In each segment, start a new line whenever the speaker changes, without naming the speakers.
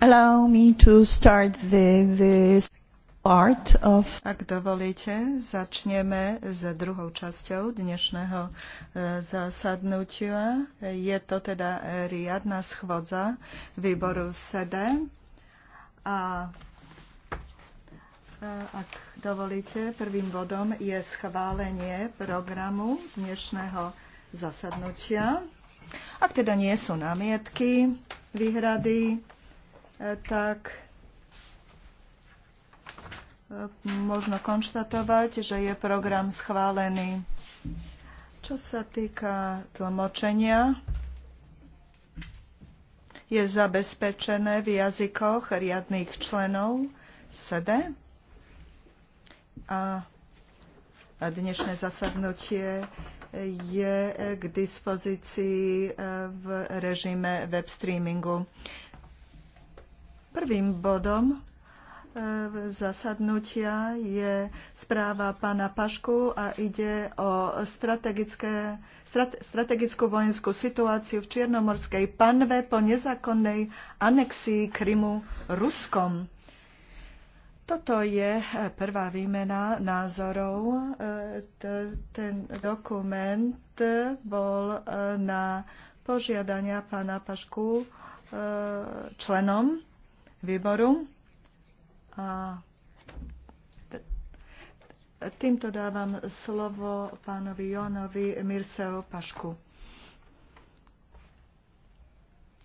Allow me to start the, part of...
Ak dovolíte, začneme s druhou časťou dnešného e, zasadnutia. Je to teda riadna schvodza výboru SEDE. A e, ak dovolíte, prvým bodom je schválenie programu dnešného zasadnutia. Ak teda nie sú námietky, výhrady, tak e, možno konštatovať, že je program schválený. Čo sa týka tlmočenia, je zabezpečené v jazykoch riadných členov SEDE a dnešné zasadnutie je k dispozícii e, v režime web streamingu. Prvým bodom e, zasadnutia je správa pána Pašku a ide o strategické, strate, strategickú vojenskú situáciu v Čiernomorskej panve po nezákonnej anexii Krymu Ruskom. Toto je e, prvá výmena názorov. E, ten dokument bol na požiadania pána Pašku členom výboru. A týmto dávam slovo pánovi Jonovi Mirseu Pašku.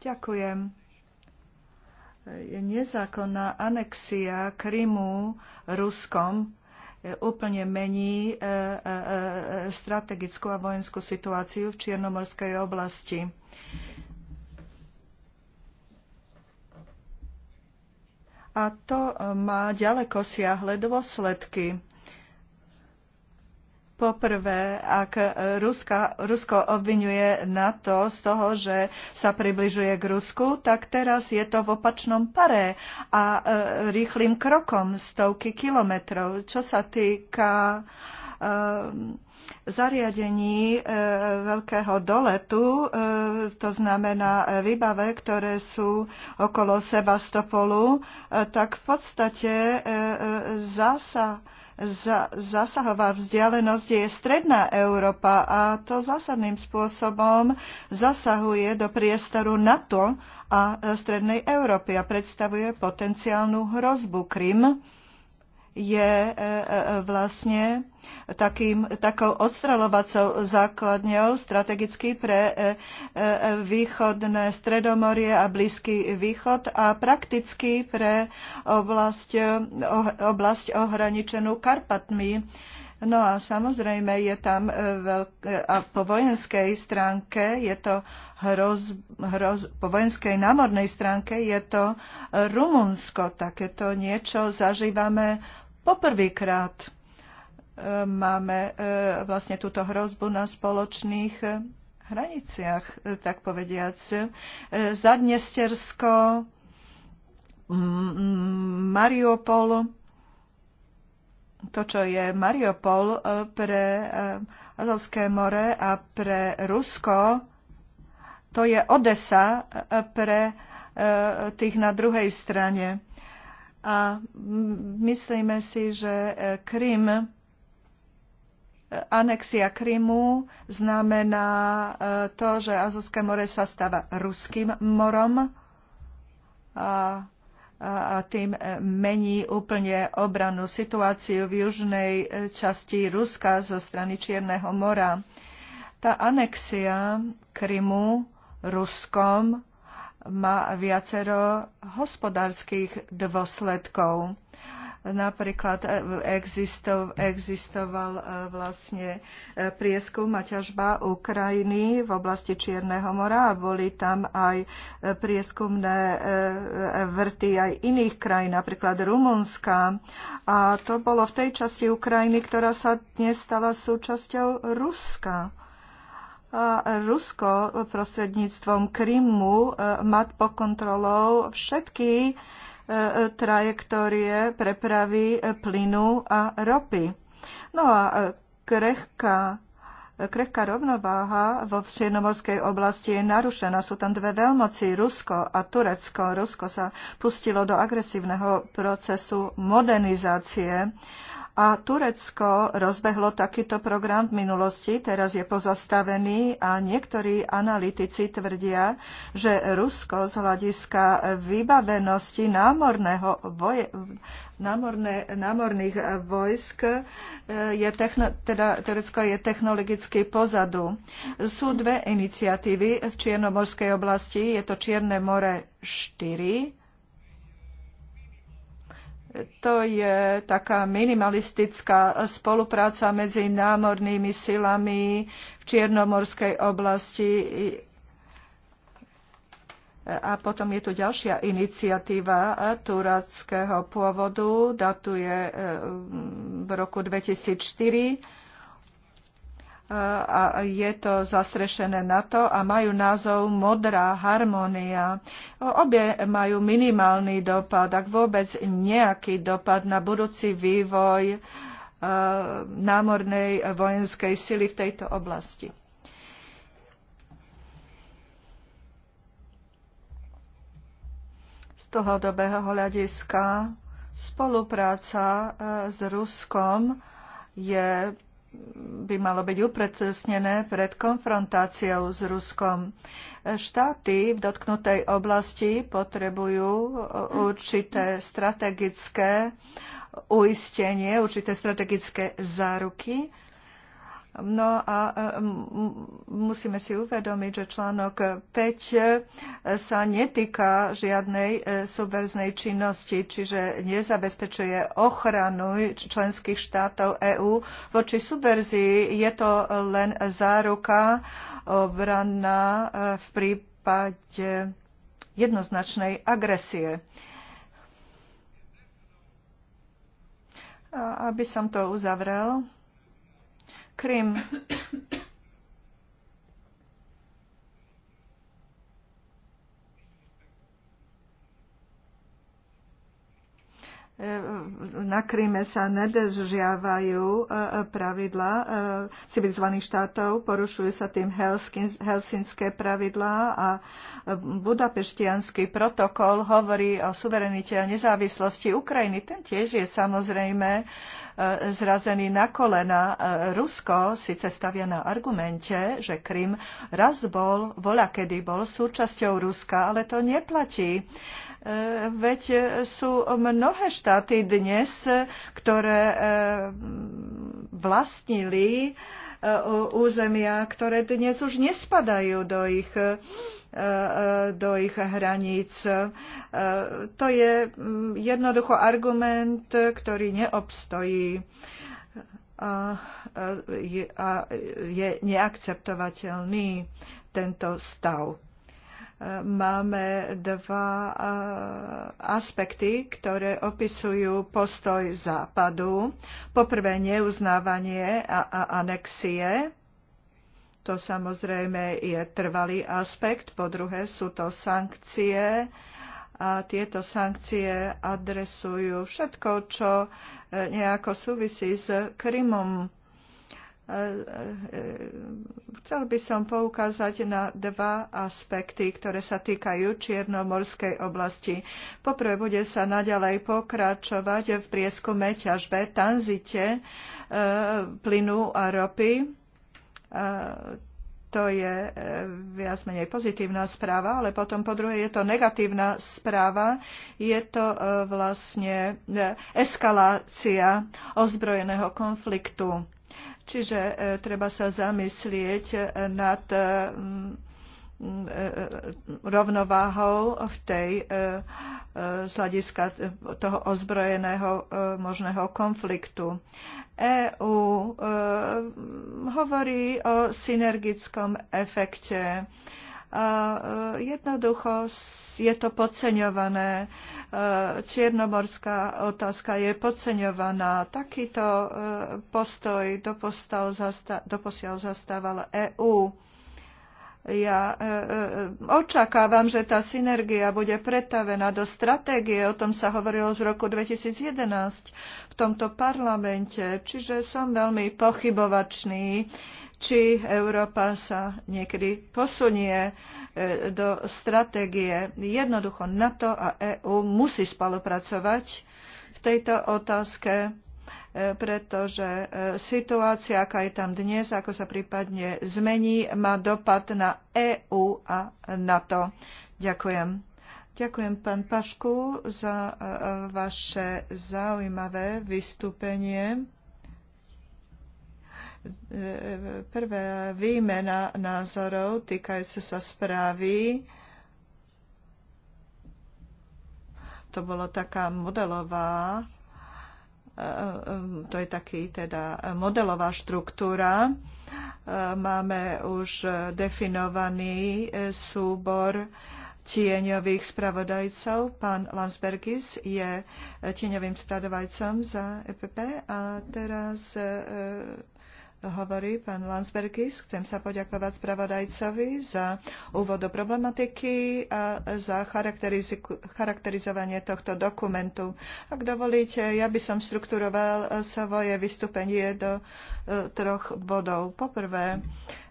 Ďakujem. Nezákonná anexia Krymu Ruskom úplne mení e, e, e, strategickú a vojenskú situáciu v Čiernomorskej oblasti. a to e, má ďaleko siahle dôsledky. Poprvé, ak Ruska, Rusko obvinuje NATO z toho, že sa približuje k Rusku, tak teraz je to v opačnom pare a e, rýchlým krokom stovky kilometrov. Čo sa týka e, Ehm, zariadení e, veľkého doletu, e, to znamená výbave, ktoré sú okolo Sebastopolu, e, tak v podstate zasa zásahová vzdialenosť je stredná Európa a to zásadným spôsobom zasahuje do priestoru NATO a strednej Európy a predstavuje potenciálnu hrozbu Krym je e, e, vlastne takým, takou odstrelovacou základňou strategicky pre e, východné Stredomorie a Blízky východ a prakticky pre oblasť, oblasť ohraničenú Karpatmi. No a samozrejme je tam veľk- a po vojenskej stránke je to hroz, hroz, po vojenskej námornej stránke je to Rumunsko. Takéto niečo zažívame poprvýkrát. E, máme e, vlastne túto hrozbu na spoločných e, hraniciach, tak povediac. Zadnestersko, Mariupol, to, čo je Mariupol pre Azovské more a pre Rusko, to je Odesa e, pre e, tých na druhej strane. A myslíme si, že e, Krym anexia Krymu znamená to, že Azovské more sa stáva ruským morom a, a tým mení úplne obranú situáciu v južnej časti Ruska zo strany Čierneho mora. Tá anexia Krymu Ruskom má viacero hospodárskych dôsledkov. Napríklad eh, existo, existoval eh, vlastne eh, prieskum a ťažba Ukrajiny v oblasti Čierneho mora a boli tam aj prieskumné vrty aj iných krajín, napríklad Rumunska. A to bolo v tej časti Ukrajiny, ktorá sa dnes stala súčasťou Ruska a Rusko prostredníctvom Krymu e, mať pod kontrolou všetky e, trajektórie prepravy e, plynu a ropy. No a krehká krehká rovnováha vo Čiernomorskej oblasti je narušená. Sú tam dve veľmoci, Rusko a Turecko. Rusko sa pustilo do agresívneho procesu modernizácie a Turecko rozbehlo takýto program v minulosti, teraz je pozastavený a niektorí analytici tvrdia, že Rusko z hľadiska vybavenosti námorného voje, námorné, námorných vojsk e, je techno, teda Turecko je technologicky pozadu. Sú dve iniciatívy v Čiernomorskej oblasti. Je to Čierne more 4 to je taká minimalistická spolupráca medzi námornými silami v Čiernomorskej oblasti. A potom je tu ďalšia iniciatíva turackého pôvodu, datuje eh, v roku 2004 a je to zastrešené na to a majú názov Modrá harmónia. Obie majú minimálny dopad, ak vôbec nejaký dopad na budúci vývoj e, námornej vojenskej sily v tejto oblasti. Z dlhodobého hľadiska spolupráca e, s Ruskom je by malo byť uprecesnené pred konfrontáciou s Ruskom. Štáty v dotknutej oblasti potrebujú určité strategické uistenie, určité strategické záruky No a e, musíme si uvedomiť, že článok 5 e, sa netýka žiadnej e, subverznej činnosti, čiže nezabezpečuje ochranu členských štátov EÚ. Voči subverzii je to len záruka obranná v prípade jednoznačnej agresie. Aby som to uzavrel, Krym. na Kríme sa nedržiavajú e, e, pravidla e, civilizovaných štátov, porušujú sa tým helsinské pravidlá a budapeštianský protokol hovorí o suverenite a nezávislosti Ukrajiny. Ten tiež je samozrejme E, zrazený na kolena. E, Rusko síce stavia na argumente, že Krym raz bol, voľa kedy bol súčasťou Ruska, ale to neplatí. E, veď sú mnohé štáty dnes, ktoré vlastnili územia, ktoré dnes už nespadajú do ich do ich hraníc. E, to je mm, jednoducho argument, ktorý neobstojí a e, je, neakceptovateľný tento stav. E, máme dva aspekty, ktoré opisujú postoj Západu. Poprvé neuznávanie a anexie to samozrejme je trvalý aspekt. Po druhé sú to sankcie a tieto sankcie adresujú všetko, čo e, nejako súvisí s Krymom. E, e, chcel by som poukázať na dva aspekty, ktoré sa týkajú Čiernomorskej oblasti. Poprvé bude sa naďalej pokračovať v prieskume ťažbe, tanzite plynu a ropy to je e, viac menej pozitívna správa, ale potom po druhé je to negatívna správa. Je to e, vlastne e, eskalácia ozbrojeného konfliktu. Čiže treba sa zamyslieť nad rovnováhou v tej e, e, z hľadiska toho ozbrojeného e, možného konfliktu. EÚ hovorí o synergickom efekte. jednoducho je to podceňované. Čiernomorská otázka je podceňovaná. Takýto postoj doposiaľ zastával EÚ ja e, e, e, očakávam, že tá synergia bude pretavená do stratégie. O tom sa hovorilo z roku 2011 v tomto parlamente. Čiže som veľmi pochybovačný, či Európa sa niekedy posunie do stratégie. Jednoducho NATO a EÚ musí spolupracovať v tejto otázke E, pretože e, situácia, aká je tam dnes, ako sa prípadne zmení, má dopad na EÚ a NATO. Ďakujem. Ďakujem, pán Pašku, za e, vaše zaujímavé vystúpenie. Prvé výmena názorov týkajúce sa správy. To bolo taká modelová to je taký teda modelová štruktúra. Máme už definovaný súbor tieňových spravodajcov. Pán Landsbergis je tieňovým spravodajcom za EPP a teraz hovorí pán Landsbergis. Chcem sa poďakovať spravodajcovi za úvod do problematiky a za charakterizovanie tohto dokumentu. Ak dovolíte, ja by som strukturoval svoje vystúpenie do e, troch bodov. Poprvé,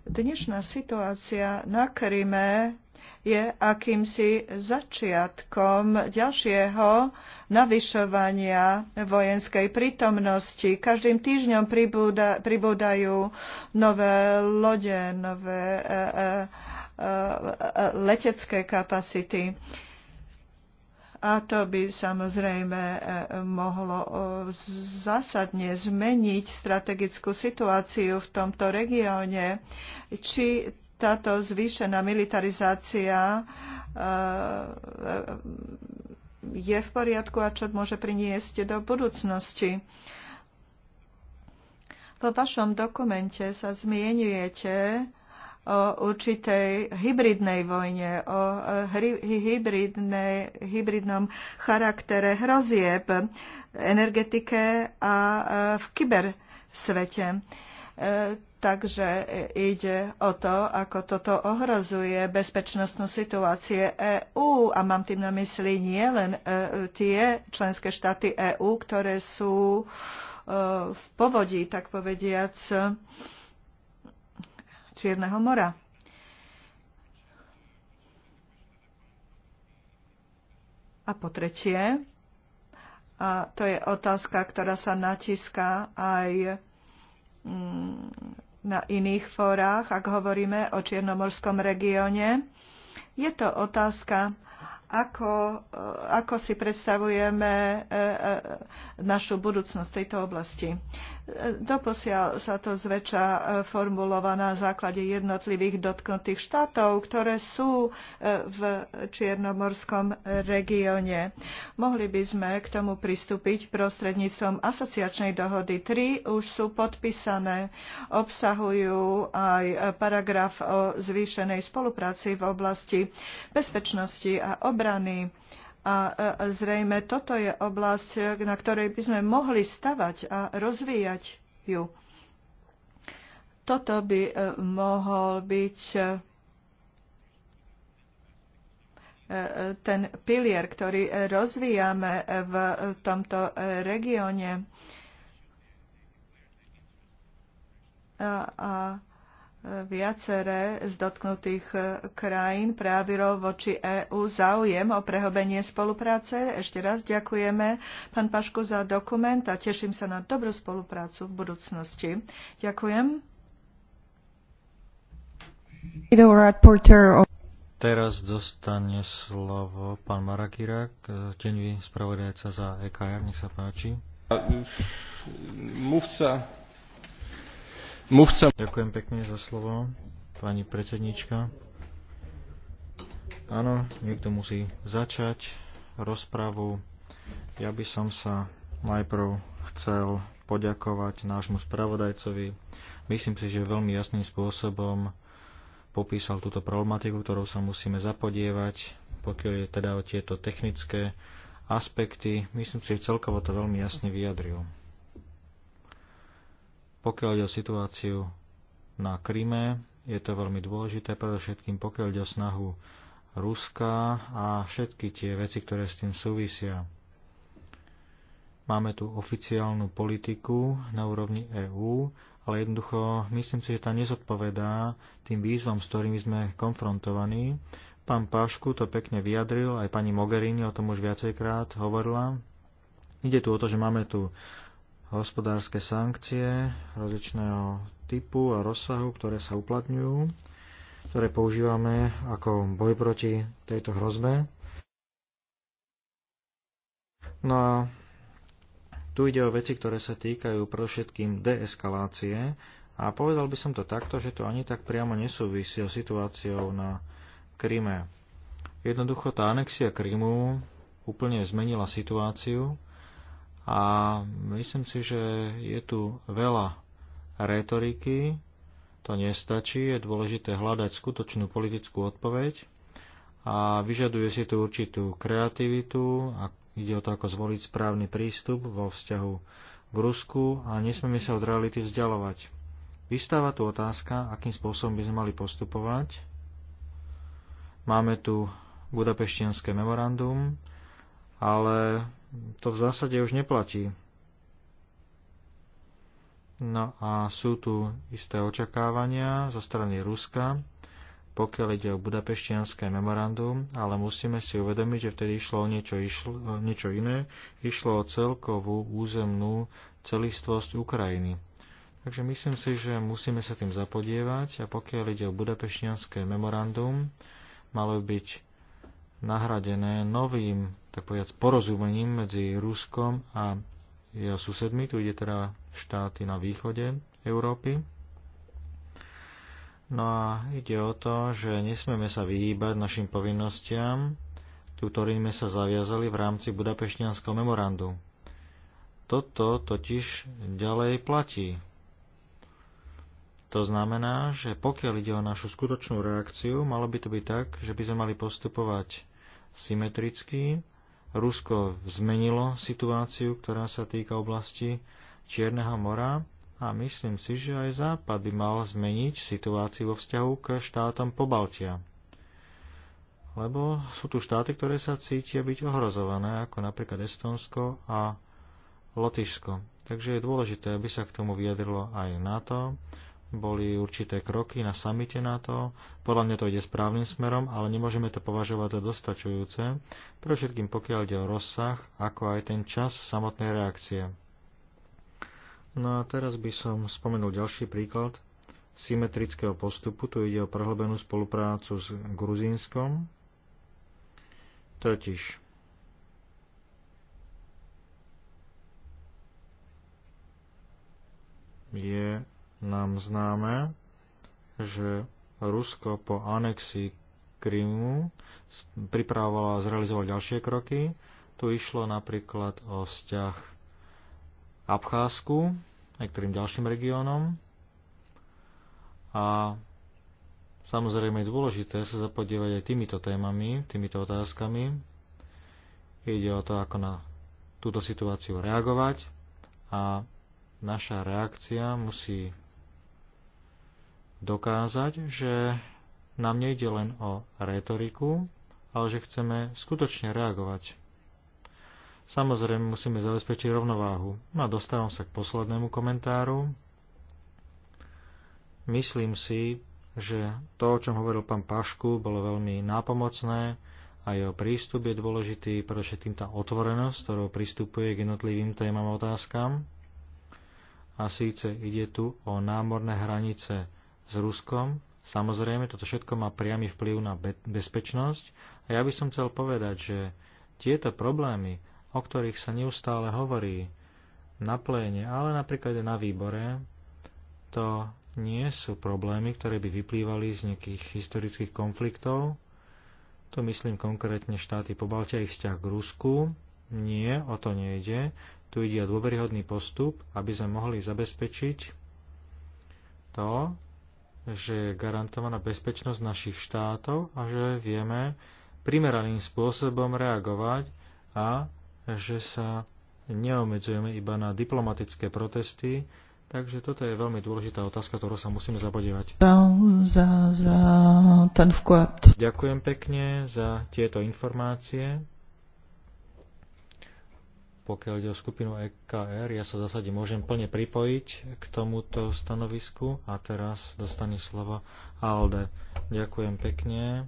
dnešná situácia na Kryme je akýmsi začiatkom ďalšieho navyšovania vojenskej prítomnosti. Každým týždňom pribúda, pribúdajú nové lode, nové e, e, e, e letecké kapacity. A to by samozrejme e, mohlo zásadne zmeniť strategickú situáciu v tomto regióne. Či táto zvýšená militarizácia eh, je v poriadku a čo môže priniesť do budúcnosti. Vo vašom dokumente sa zmienujete o určitej hybridnej vojne, o eh, hybridnej, hybridnom charaktere hrozieb v energetike a eh, v kybersvete. svete E, takže ide o to, ako toto ohrozuje bezpečnostnú situáciu EÚ a mám tým na mysli nie len e, tie členské štáty EÚ, ktoré sú e, v povodí, tak povediac, Čierneho mora. A po tretie, a to je otázka, ktorá sa natiská aj Mm, na iných fórach, ak hovoríme o Čiernomorskom regióne. Je to otázka, ako, eh, ako si predstavujeme eh, eh, našu budúcnosť v tejto oblasti. Doposiaľ sa to zväčša e, formulová na základe jednotlivých dotknutých štátov, ktoré sú e, v Čiernomorskom regióne. Mohli by sme k tomu pristúpiť prostredníctvom asociačnej dohody. Tri už sú podpísané, obsahujú aj paragraf o zvýšenej spolupráci v oblasti bezpečnosti a obrany a zrejme toto je oblasť, na ktorej by sme mohli stavať a rozvíjať ju. Toto by e, mohol byť e, e, ten pilier, ktorý rozvíjame v tomto regióne. A, a viaceré z dotknutých e, krajín prejavilo voči EÚ záujem o prehobenie spolupráce. Ešte raz ďakujeme pán Pašku za dokument a teším sa na dobrú spoluprácu v budúcnosti. Ďakujem.
Teraz dostane slovo pán Marakirak, e, teňový spravodajca za EKR. Nech sa páči.
Mluvca mu
chcem... Ďakujem pekne za slovo, pani predsednička. Áno, niekto musí začať rozpravu. Ja by som sa najprv chcel poďakovať nášmu spravodajcovi. Myslím si, že veľmi jasným spôsobom popísal túto problematiku, ktorou sa musíme zapodievať, pokiaľ je teda o tieto technické aspekty. Myslím si, že celkovo to veľmi jasne vyjadril. Pokiaľ ide o situáciu na Kryme, je to veľmi dôležité, predovšetkým pokiaľ ide o snahu Ruska a všetky tie veci, ktoré s tým súvisia. Máme tu oficiálnu politiku na úrovni EÚ, ale jednoducho myslím si, že tá nezodpovedá tým výzvam, s ktorými sme konfrontovaní. Pán Pašku to pekne vyjadril, aj pani Mogherini o tom už viacejkrát hovorila. Ide tu o to, že máme tu hospodárske sankcie rozličného typu a rozsahu, ktoré sa uplatňujú, ktoré používame ako boj proti tejto hrozbe. No a tu ide o veci, ktoré sa týkajú predovšetkým deeskalácie a povedal by som to takto, že to ani tak priamo nesúvisí s situáciou na Kryme. Jednoducho tá anexia Krymu úplne zmenila situáciu, a myslím si, že je tu veľa retoriky, to nestačí, je dôležité hľadať skutočnú politickú odpoveď a vyžaduje si tu určitú kreativitu a ide o to, ako zvoliť správny prístup vo vzťahu k Rusku a nesmieme sa od reality vzdialovať. Vystáva tu otázka, akým spôsobom by sme mali postupovať. Máme tu budapeštianské memorandum, ale to v zásade už neplatí. No a sú tu isté očakávania zo strany Ruska, pokiaľ ide o budapeštianské memorandum, ale musíme si uvedomiť, že vtedy išlo o niečo, išlo, niečo iné, išlo o celkovú územnú celistvosť Ukrajiny. Takže myslím si, že musíme sa tým zapodievať a pokiaľ ide o budapeštianské memorandum, malo byť nahradené novým tak povedať, porozumením medzi Ruskom a jeho susedmi. Tu ide teda štáty na východe Európy. No a ide o to, že nesmieme sa vyhýbať našim povinnostiam, tu ktorými sa zaviazali v rámci Budapešťanského memorandu. Toto totiž ďalej platí. To znamená, že pokiaľ ide o našu skutočnú reakciu, malo by to byť tak, že by sme mali postupovať symetricky Rusko zmenilo situáciu, ktorá sa týka oblasti Čierneho mora a myslím si, že aj Západ by mal zmeniť situáciu vo vzťahu k štátom Pobaltia. Lebo sú tu štáty, ktoré sa cítia byť ohrozované, ako napríklad Estonsko a Lotyšsko. Takže je dôležité, aby sa k tomu vyjadrilo aj NATO, boli určité kroky na samite na to. Podľa mňa to ide správnym smerom, ale nemôžeme to považovať za dostačujúce, pre všetkým pokiaľ ide o rozsah, ako aj ten čas samotnej reakcie. No a teraz by som spomenul ďalší príklad symetrického postupu. Tu ide o prehlbenú spoluprácu s Gruzínskom. Totiž je nám známe, že Rusko po anexii Krymu pripravovalo a zrealizovalo ďalšie kroky. Tu išlo napríklad o vzťah Abcházku, niektorým ďalším regiónom. A samozrejme je dôležité sa zapodievať aj týmito témami, týmito otázkami. Ide o to, ako na túto situáciu reagovať a naša reakcia musí dokázať, že nám nejde len o retoriku, ale že chceme skutočne reagovať. Samozrejme musíme zabezpečiť rovnováhu. No a dostávam sa k poslednému komentáru. Myslím si, že to, o čom hovoril pán Pašku, bolo veľmi nápomocné a jeho prístup je dôležitý, tým tá otvorenosť, ktorou pristupuje k jednotlivým témam a otázkam. A síce ide tu o námorné hranice s Ruskom. Samozrejme, toto všetko má priamy vplyv na bezpečnosť. A ja by som chcel povedať, že tieto problémy, o ktorých sa neustále hovorí na pléne, ale napríklad aj na výbore, to nie sú problémy, ktoré by vyplývali z nejakých historických konfliktov. Tu myslím konkrétne štáty po Balte ich vzťah k Rusku. Nie, o to nejde. Tu ide o dôveryhodný postup, aby sme mohli zabezpečiť to, že je garantovaná bezpečnosť našich štátov a že vieme primeraným spôsobom reagovať a že sa neomedzujeme iba na diplomatické protesty, takže toto je veľmi dôležitá otázka, ktorú sa musíme zapodívať.
Za, za, za ten vklad.
Ďakujem pekne za tieto informácie pokiaľ ide o skupinu EKR, ja sa v zásade môžem plne pripojiť k tomuto stanovisku a teraz dostane slovo ALDE. Ďakujem pekne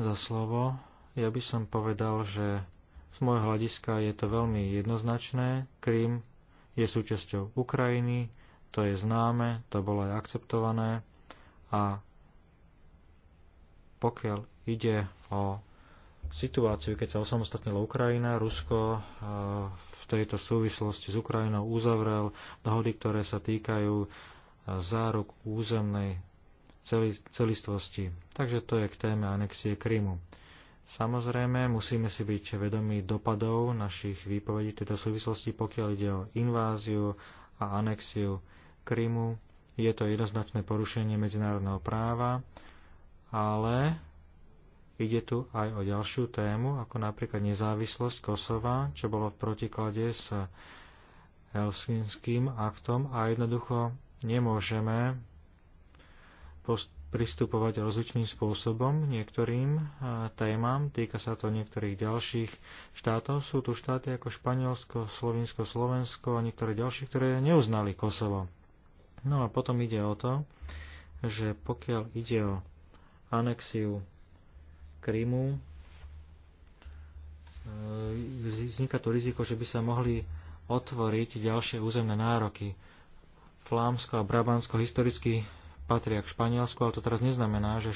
za slovo. Ja by som povedal, že z môjho hľadiska je to veľmi jednoznačné. Krím je súčasťou Ukrajiny, to je známe, to bolo aj akceptované a pokiaľ ide o situáciu, keď sa osamostatnila Ukrajina, Rusko v tejto súvislosti s Ukrajinou uzavrel dohody, ktoré sa týkajú záruk územnej celistvosti. Takže to je k téme anexie Krymu. Samozrejme, musíme si byť vedomí dopadov našich výpovedí v tejto súvislosti, pokiaľ ide o inváziu a anexiu Krymu. Je to jednoznačné porušenie medzinárodného práva, ale Ide tu aj o ďalšiu tému, ako napríklad nezávislosť Kosova, čo bolo v protiklade s Helsinským aktom a jednoducho nemôžeme pristupovať rozličným spôsobom niektorým e, témam. Týka sa to niektorých ďalších štátov. Sú tu štáty ako Španielsko, Slovinsko, Slovensko a niektoré ďalšie, ktoré neuznali Kosovo. No a potom ide o to, že pokiaľ ide o anexiu Krymu. E, vzniká to riziko, že by sa mohli otvoriť ďalšie územné nároky. Flámsko a Brabánsko historicky patria k Španielsku, ale to teraz neznamená, že,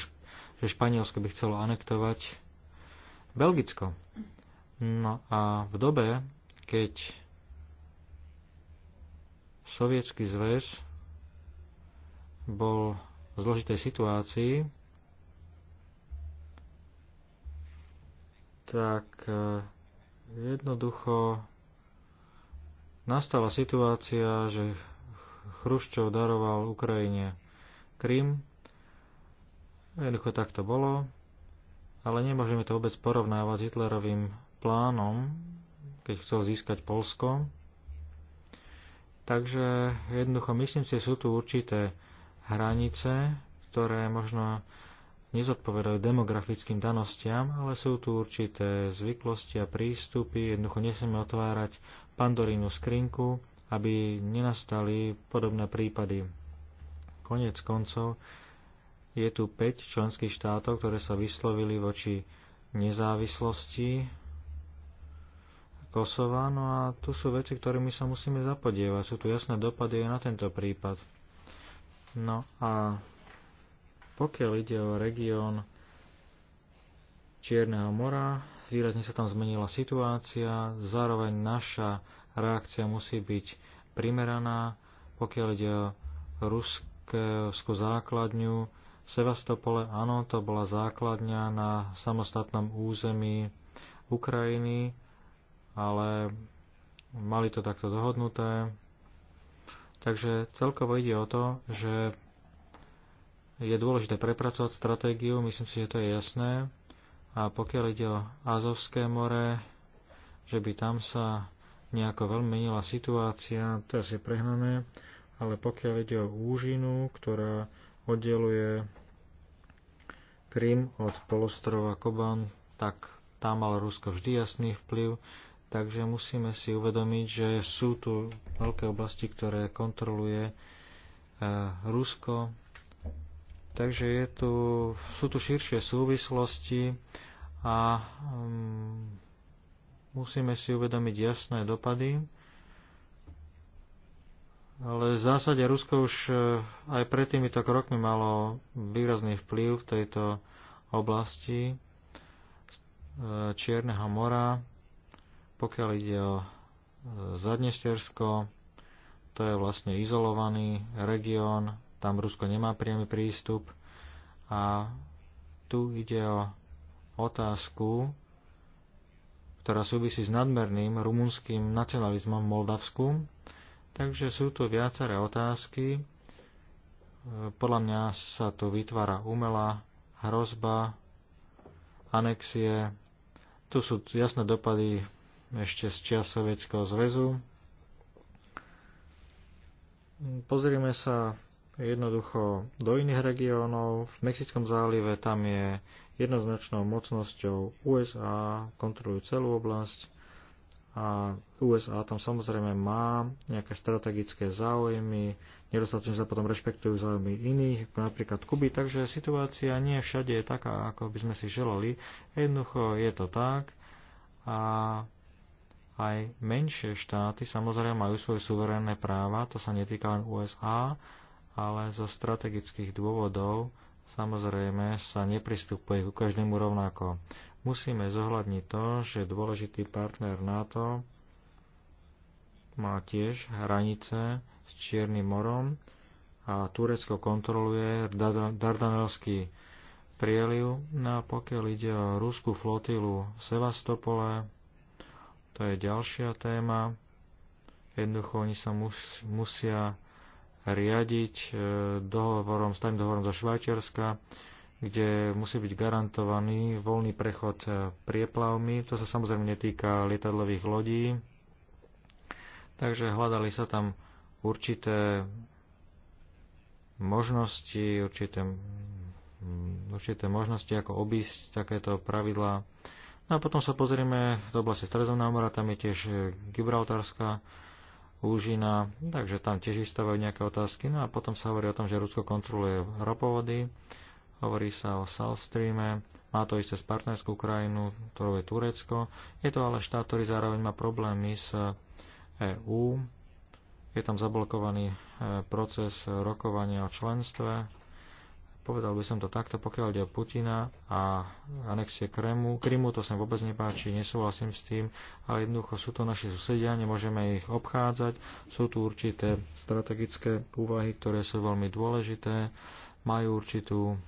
že Španielsko by chcelo anektovať Belgicko. No a v dobe, keď Sovietský zväz bol v zložitej situácii, tak e, jednoducho nastala situácia, že Chruščov daroval Ukrajine Krym. Jednoducho tak to bolo, ale nemôžeme to vôbec porovnávať s Hitlerovým plánom, keď chcel získať Polsko. Takže jednoducho myslím si, že sú tu určité hranice, ktoré možno nezodpovedajú demografickým danostiam, ale sú tu určité zvyklosti a prístupy. Jednoducho nesmieme otvárať pandorínu skrinku, aby nenastali podobné prípady. Konec koncov je tu 5 členských štátov, ktoré sa vyslovili voči nezávislosti Kosova. No a tu sú veci, ktorými sa musíme zapodievať. Sú tu jasné dopady aj na tento prípad. No a pokiaľ ide o región Čierneho mora, výrazne sa tam zmenila situácia, zároveň naša reakcia musí byť primeraná, pokiaľ ide o ruskú základňu. V Sevastopole, áno, to bola základňa na samostatnom území Ukrajiny, ale mali to takto dohodnuté. Takže celkovo ide o to, že je dôležité prepracovať stratégiu, myslím si, že to je jasné. A pokiaľ ide o Azovské more, že by tam sa nejako veľmi menila situácia, to je asi prehnané, ale pokiaľ ide o úžinu, ktorá oddeluje Krym od polostrova Koban, tak tam mal Rusko vždy jasný vplyv, takže musíme si uvedomiť, že sú tu veľké oblasti, ktoré kontroluje eh, Rusko Takže je tu, sú tu širšie súvislosti a um, musíme si uvedomiť jasné dopady. Ale v zásade Rusko už e, aj pred týmito krokmi malo výrazný vplyv v tejto oblasti e, Čierneho mora, pokiaľ ide o e, Zadnestersko, to je vlastne izolovaný región tam Rusko nemá priamy prístup a tu ide o otázku, ktorá súvisí s nadmerným rumunským nacionalizmom v Moldavsku. Takže sú tu viaceré otázky. E, podľa mňa sa tu vytvára umelá hrozba, anexie. Tu sú jasné dopady ešte z čias Sovietskeho zväzu. Pozrieme sa jednoducho do iných regiónov. V Mexickom zálive tam je jednoznačnou mocnosťou USA, kontrolujú celú oblasť a USA tam samozrejme má nejaké strategické záujmy, nedostatočne sa potom rešpektujú záujmy iných, ako napríklad Kuby, takže situácia nie všade je taká, ako by sme si želali. Jednoducho je to tak a aj menšie štáty samozrejme majú svoje suverénne práva, to sa netýka len USA, ale zo strategických dôvodov samozrejme sa nepristupuje ku každému rovnako. Musíme zohľadniť to, že dôležitý partner NATO má tiež hranice s Čiernym morom a Turecko kontroluje Dardanelský prieliv. No a pokiaľ ide o ruskú flotilu v Sevastopole, to je ďalšia téma. Jednoducho oni sa mus, musia riadiť e, dohovorom, starým dohovorom zo Švajčiarska, kde musí byť garantovaný voľný prechod e, prieplavmi. To sa samozrejme netýka lietadlových lodí. Takže hľadali sa tam určité možnosti, určité, mm, určité možnosti, ako obísť takéto pravidlá. No a potom sa pozrieme do oblasti Stredovná, mora, tam je tiež e, Gibraltarská úžina, takže tam tiež vystávajú nejaké otázky. No a potom sa hovorí o tom, že Rusko kontroluje ropovody, hovorí sa o South Streame, má to isté s partnerskú krajinu, ktorou je Turecko. Je to ale štát, ktorý zároveň má problémy s EÚ. Je tam zablokovaný e, proces rokovania o členstve. Povedal by som to takto, pokiaľ ide o Putina a anexie Kremu. Krymu to sa vôbec nepáči, nesúhlasím s tým, ale jednoducho sú to naši susedia, nemôžeme ich obchádzať. Sú tu určité strategické úvahy, ktoré sú veľmi dôležité, majú určitú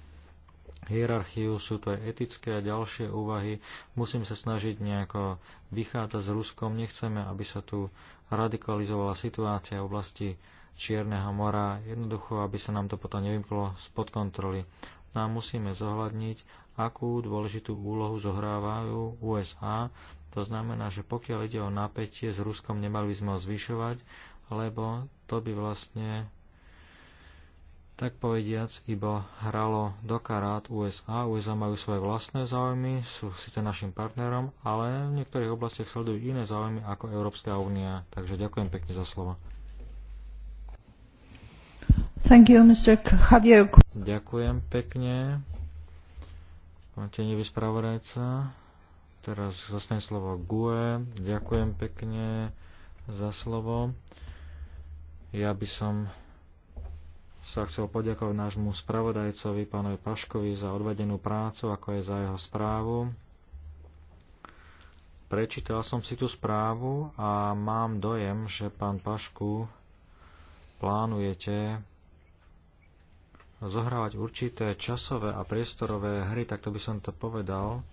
hierarchiu, sú to aj etické a ďalšie úvahy. Musím sa snažiť nejako vychádzať s Ruskom. Nechceme, aby sa tu radikalizovala situácia v oblasti Čierneho mora, jednoducho, aby sa nám to potom nevymklo spod kontroly. Nám no musíme zohľadniť, akú dôležitú úlohu zohrávajú USA. To znamená, že pokiaľ ide o napätie s Ruskom, nemali by sme ho zvyšovať, lebo to by vlastne tak povediac iba hralo do karát USA. USA majú svoje vlastné záujmy, sú síce našim partnerom, ale v niektorých oblastiach sledujú iné záujmy ako Európska únia. Takže ďakujem pekne za slovo.
Thank you, Mr. Javier.
Ďakujem pekne. Máte tenivý spravodajca. Teraz zostane slovo GUE. Ďakujem pekne za slovo. Ja by som sa chcel poďakovať nášmu spravodajcovi, pánovi Paškovi, za odvedenú prácu, ako aj za jeho správu. Prečítal som si tú správu a mám dojem, že pán Pašku plánujete zohrávať určité časové a priestorové hry, tak to by som to povedal.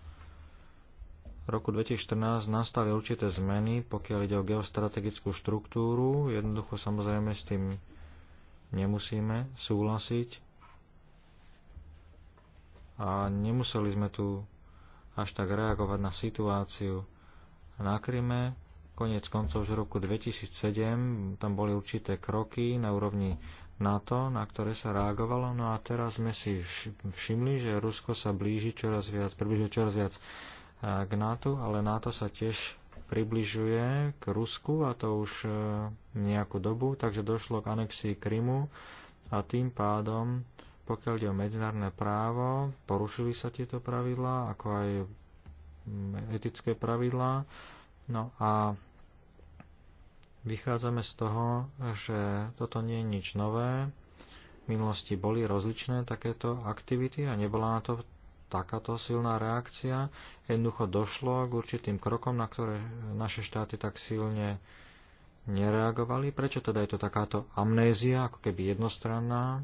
V roku 2014 nastali určité zmeny, pokiaľ ide o geostrategickú štruktúru. Jednoducho samozrejme s tým nemusíme súhlasiť. A nemuseli sme tu až tak reagovať na situáciu na Kryme. Koniec koncov už v roku 2007 tam boli určité kroky na úrovni na to, na ktoré sa reagovalo. No a teraz sme si všimli, že Rusko sa blíži čoraz viac, približuje čoraz viac e, k NATO, ale NATO sa tiež približuje k Rusku a to už e, nejakú dobu, takže došlo k anexii Krymu a tým pádom, pokiaľ ide o medzinárodné právo, porušili sa tieto pravidlá, ako aj etické pravidlá. No a Vychádzame z toho, že toto nie je nič nové. V minulosti boli rozličné takéto aktivity a nebola na to takáto silná reakcia. Jednoducho došlo k určitým krokom, na ktoré naše štáty tak silne nereagovali. Prečo teda je to takáto amnézia, ako keby jednostranná?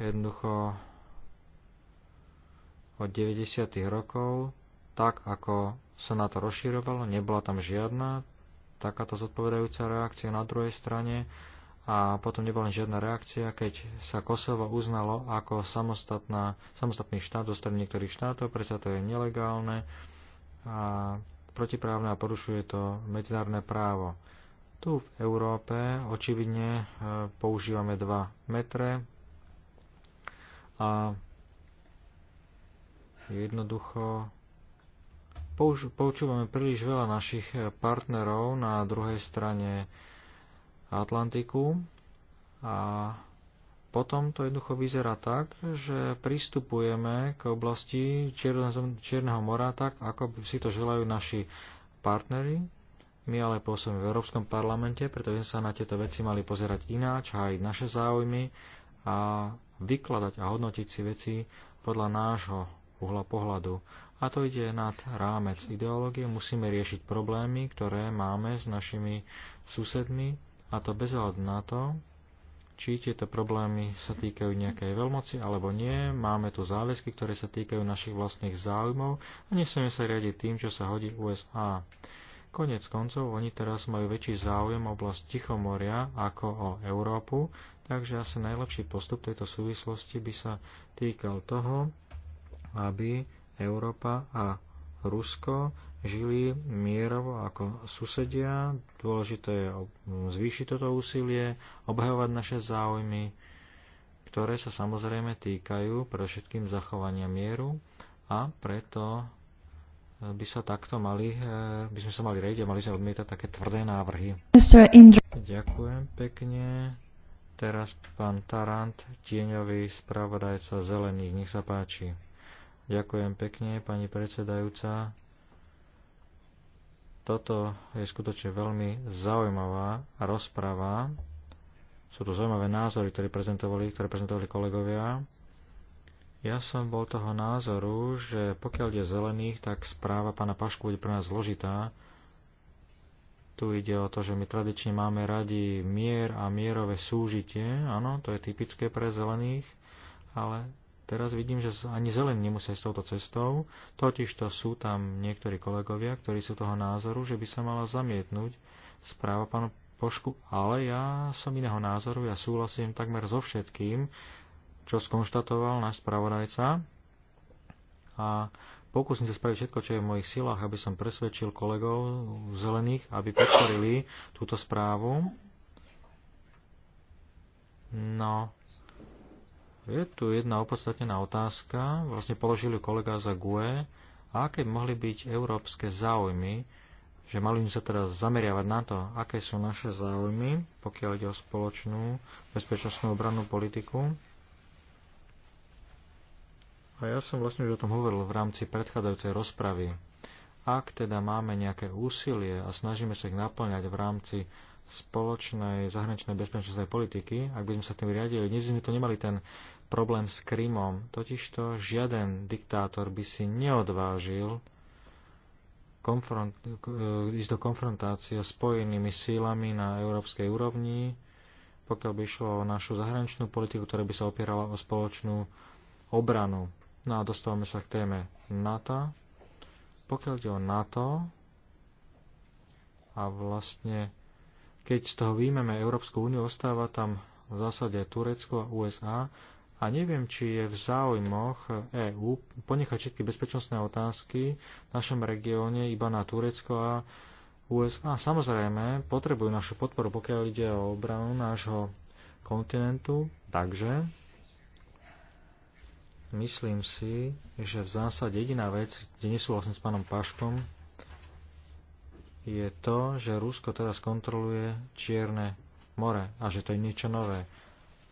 Jednoducho od 90. rokov, tak ako sa na to rozširovalo, nebola tam žiadna takáto zodpovedajúca reakcia na druhej strane a potom nebola žiadna reakcia, keď sa Kosovo uznalo ako samostatná, samostatný štát zo strany niektorých štátov, predsa to je nelegálne a protiprávne a porušuje to medzinárodné právo. Tu v Európe očividne e, používame 2 metre a jednoducho Poučúvame príliš veľa našich eh, partnerov na druhej strane Atlantiku a potom to jednoducho vyzerá tak, že pristupujeme k oblasti Čierneho mora tak, ako si to želajú naši partnery. My ale pôsobíme v Európskom parlamente, pretože sa na tieto veci mali pozerať ináč, aj naše záujmy a vykladať a hodnotiť si veci podľa nášho uhla pohľadu. A to ide nad rámec ideológie, musíme riešiť problémy, ktoré máme s našimi susedmi, a to bez hľadu na to, či tieto problémy sa týkajú nejakej veľmoci alebo nie. Máme tu záväzky, ktoré sa týkajú našich vlastných záujmov a nesmieme sa riadiť tým, čo sa hodí USA. Konec koncov, oni teraz majú väčší záujem o oblasť Tichomoria ako o Európu, takže asi najlepší postup tejto súvislosti by sa týkal toho, aby Európa a Rusko žili mierovo ako susedia. Dôležité je zvýšiť toto úsilie, obhajovať naše záujmy, ktoré sa samozrejme týkajú pre všetkým zachovania mieru a preto by sa takto mali, eh, by sme sa mali rejde, mali sa odmietať také tvrdé návrhy. Ďakujem pekne. Teraz pán Tarant, tieňový spravodajca zelených, nech sa páči. Ďakujem pekne, pani predsedajúca. Toto je skutočne veľmi zaujímavá rozprava. Sú tu zaujímavé názory, ktoré prezentovali, ktoré prezentovali kolegovia. Ja som bol toho názoru, že pokiaľ je zelených, tak správa pána Pašku bude pre nás zložitá. Tu ide o to, že my tradične máme radi mier a mierové súžitie. Áno, to je typické pre zelených, ale Teraz vidím, že ani zelen nemusia s touto cestou, totižto sú tam niektorí kolegovia, ktorí sú toho názoru, že by sa mala zamietnúť správa pánu Pošku, ale ja som iného názoru, ja súhlasím takmer so všetkým, čo skonštatoval náš spravodajca a pokúsim sa spraviť všetko, čo je v mojich silách, aby som presvedčil kolegov zelených, aby podporili túto správu. No, je tu jedna opodstatnená otázka, vlastne položili kolega za GUE, a aké mohli byť európske záujmy, že mali sme sa teda zameriavať na to, aké sú naše záujmy, pokiaľ ide o spoločnú bezpečnostnú obrannú politiku. A ja som vlastne už o tom hovoril v rámci predchádzajúcej rozpravy. Ak teda máme nejaké úsilie a snažíme sa ich naplňať v rámci spoločnej zahraničnej bezpečnostnej politiky, ak by sme sa tým riadili, by sme to nemali ten problém s Krymom. Totižto žiaden diktátor by si neodvážil konfront, e, ísť do konfrontácie s spojenými sílami na európskej úrovni, pokiaľ by išlo o našu zahraničnú politiku, ktorá by sa opierala o spoločnú obranu. No a dostávame sa k téme NATO. Pokiaľ ide o NATO a vlastne keď z toho výjmeme Európsku úniu, ostáva tam v zásade Turecko a USA, a neviem, či je v záujmoch EÚ ponechať všetky bezpečnostné otázky v našom regióne iba na Turecko a USA. Samozrejme, potrebujú našu podporu, pokiaľ ide o obranu nášho kontinentu, takže myslím si, že v zásade jediná vec, kde nesúhlasím s pánom Paškom, je to, že Rusko teraz kontroluje Čierne more a že to je niečo nové.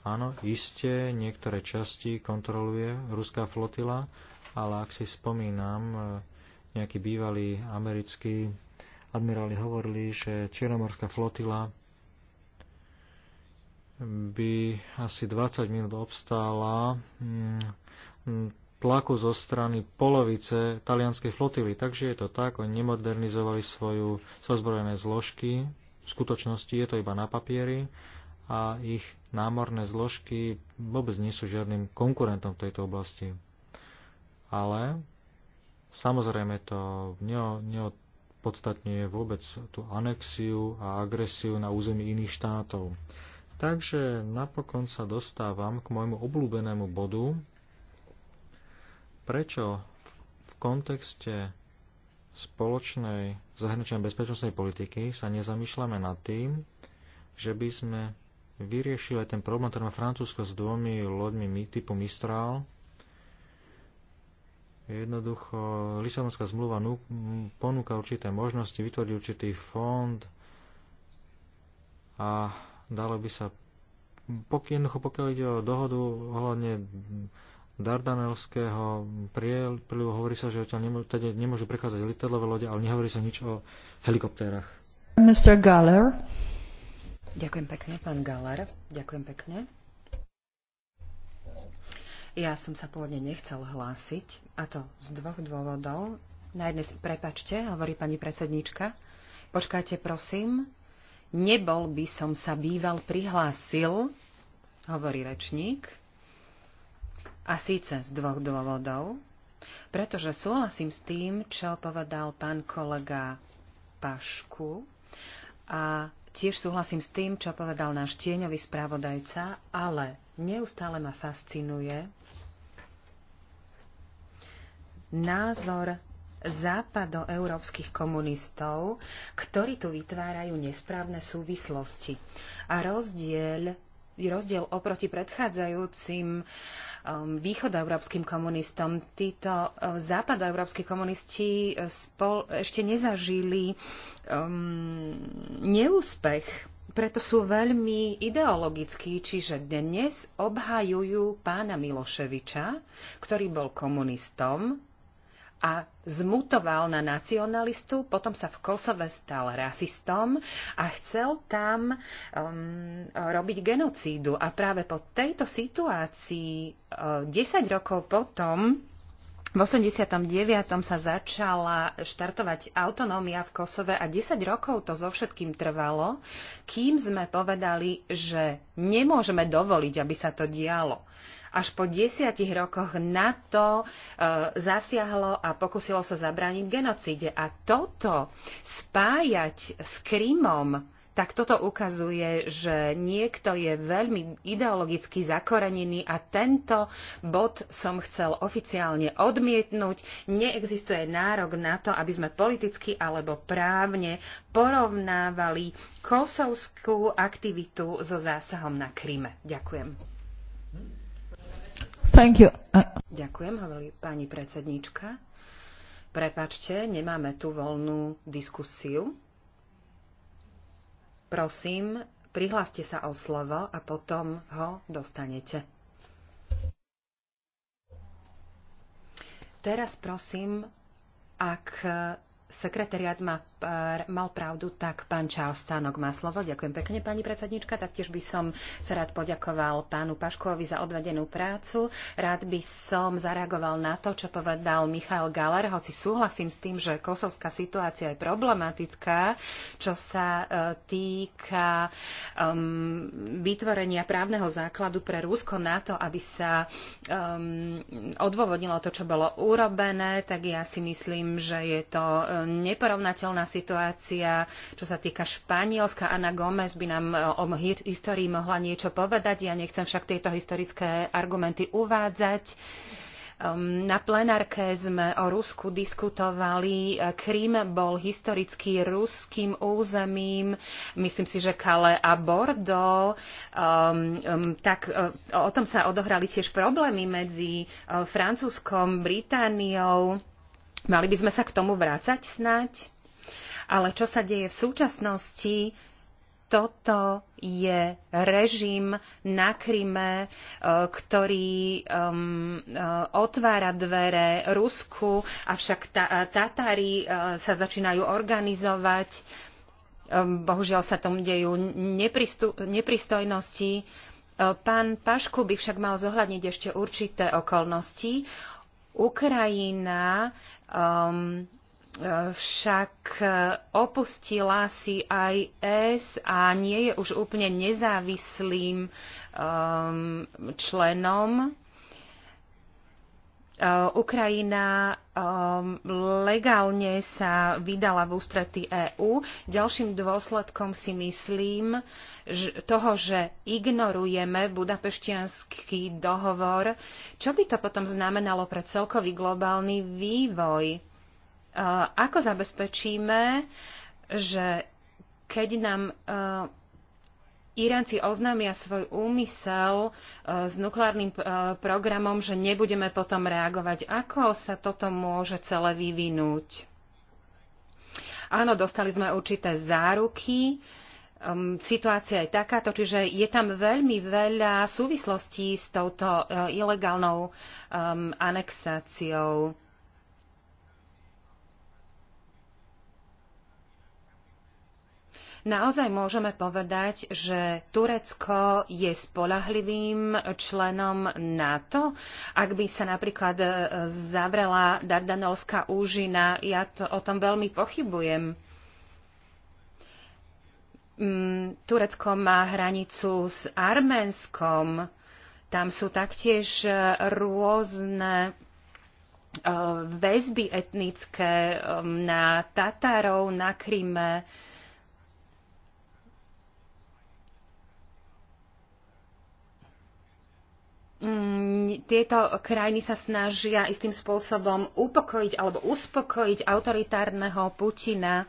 Áno, iste niektoré časti kontroluje ruská flotila, ale ak si spomínam, e, nejakí bývalí americkí admiráli hovorili, že Čiernomorská flotila by asi 20 minút obstála mm, tlaku zo strany polovice talianskej flotily. Takže je to tak, oni nemodernizovali svoju, svoje zbrojené zložky. V skutočnosti je to iba na papieri a ich námorné zložky vôbec nie sú žiadnym konkurentom v tejto oblasti. Ale samozrejme to neopodstatňuje vôbec tú anexiu a agresiu na území iných štátov. Takže napokon sa dostávam k môjmu obľúbenému bodu, prečo v kontexte spoločnej zahraničnej bezpečnostnej politiky sa nezamýšľame nad tým, že by sme vyriešil aj ten problém, ktorý má Francúzsko s dvomi loďmi typu Mistral. Jednoducho, Lisabonská zmluva ponúka určité možnosti, vytvorí určitý fond a dalo by sa, pok, jednoducho pokiaľ ide o dohodu ohľadne Dardanelského prílivu, hovorí sa, že odtiaľ nemôžu, nemôžu prechádzať lietadlové lode, ale nehovorí sa nič o helikoptérach.
Mr. Galler. Ďakujem pekne, pán Galar. Ďakujem pekne. Ja som sa pôvodne nechcel hlásiť, a to z dvoch dôvodov. Na jednej, prepačte, hovorí pani predsednička. Počkajte, prosím. Nebol by som sa býval prihlásil, hovorí rečník. A síce z dvoch dôvodov. Pretože súhlasím s tým, čo povedal pán kolega Pašku. A Tiež súhlasím s tým, čo povedal náš tieňový správodajca, ale neustále ma fascinuje názor západoeurópskych komunistov, ktorí tu vytvárajú nesprávne súvislosti. A rozdiel rozdiel oproti predchádzajúcim um, východoeurópskym komunistom. Títo um, západoeurópsky komunisti eh, spol, ešte nezažili um, neúspech, preto sú veľmi ideologickí, čiže dnes obhajujú pána Miloševiča, ktorý bol komunistom, a zmutoval na nacionalistu, potom sa v Kosove stal rasistom a chcel tam um, robiť genocídu. A práve po tejto situácii, uh, 10 rokov potom, v 89. sa začala štartovať autonómia v Kosove a 10 rokov to so všetkým trvalo, kým sme povedali, že nemôžeme dovoliť, aby sa to dialo až po desiatich rokoch NATO e, zasiahlo a pokusilo sa zabrániť genocíde. A toto spájať s Krymom, tak toto ukazuje, že niekto je veľmi ideologicky zakorenený a tento bod som chcel oficiálne odmietnúť. Neexistuje nárok na to, aby sme politicky alebo právne porovnávali kosovskú aktivitu so zásahom na Kryme. Ďakujem.
Thank you. Uh,
Ďakujem, hovorí pani predsedníčka. Prepačte, nemáme tu voľnú diskusiu. Prosím, prihláste sa o slovo a potom ho dostanete. Teraz prosím, ak sekretariat má mal pravdu, tak pán Charles Stánok má slovo. Ďakujem pekne, pani predsednička. Taktiež by som sa rád poďakoval pánu Paškovi za odvedenú prácu. Rád by som zareagoval na to, čo povedal Michal Galer, hoci súhlasím s tým, že kosovská situácia je problematická, čo sa e, týka um, vytvorenia právneho základu pre Rusko na to, aby sa um, odôvodnilo to, čo bolo urobené, tak ja si myslím, že je to e, neporovnateľná situácia, čo sa týka Španielska. Ana Gomez by nám e, o histórii mohla niečo povedať. Ja nechcem však tieto historické argumenty uvádzať. Ehm, na plenárke sme o Rusku diskutovali. E, Krím bol historicky ruským územím. Myslím si, že Kale a Bordo. Um, ehm, um, ehm, tak um, o tom sa odohrali tiež problémy medzi Francúzskom, Britániou. Mali by sme sa k tomu vrácať snať. Ale čo sa deje v súčasnosti, toto je režim na Kryme, e, ktorý um, otvára dvere Rusku, avšak e, Tatári sa začínajú organizovať. Bohužiaľ sa tomu dejú nepristojnosti. Pán Pašku by však mal zohľadniť ešte určité okolnosti. Ukrajina um, však e, opustila si IS a nie je už úplne nezávislým um, členom. E, Ukrajina um, legálne sa vydala v ústrety EÚ. Ďalším dôsledkom si myslím že toho, že ignorujeme budapeštianský dohovor, čo by to potom znamenalo pre celkový globálny vývoj ako zabezpečíme, že keď nám e, Iránci oznámia svoj úmysel e, s nukleárnym e, programom, že nebudeme potom reagovať. Ako sa toto môže celé vyvinúť? Áno, dostali sme určité záruky. Situácia je takáto, čiže je tam veľmi veľa súvislostí s touto ilegálnou anexáciou. Naozaj môžeme povedať, že Turecko je spolahlivým členom NATO. Ak by sa napríklad e, zavrela Dardanelská úžina, ja to, o tom veľmi pochybujem. Mm, Turecko má hranicu s Arménskom. Tam sú taktiež e, rôzne e, väzby etnické na Tatarov, na Kryme. Mm, tieto krajiny sa snažia istým spôsobom upokojiť alebo uspokojiť autoritárneho Putina.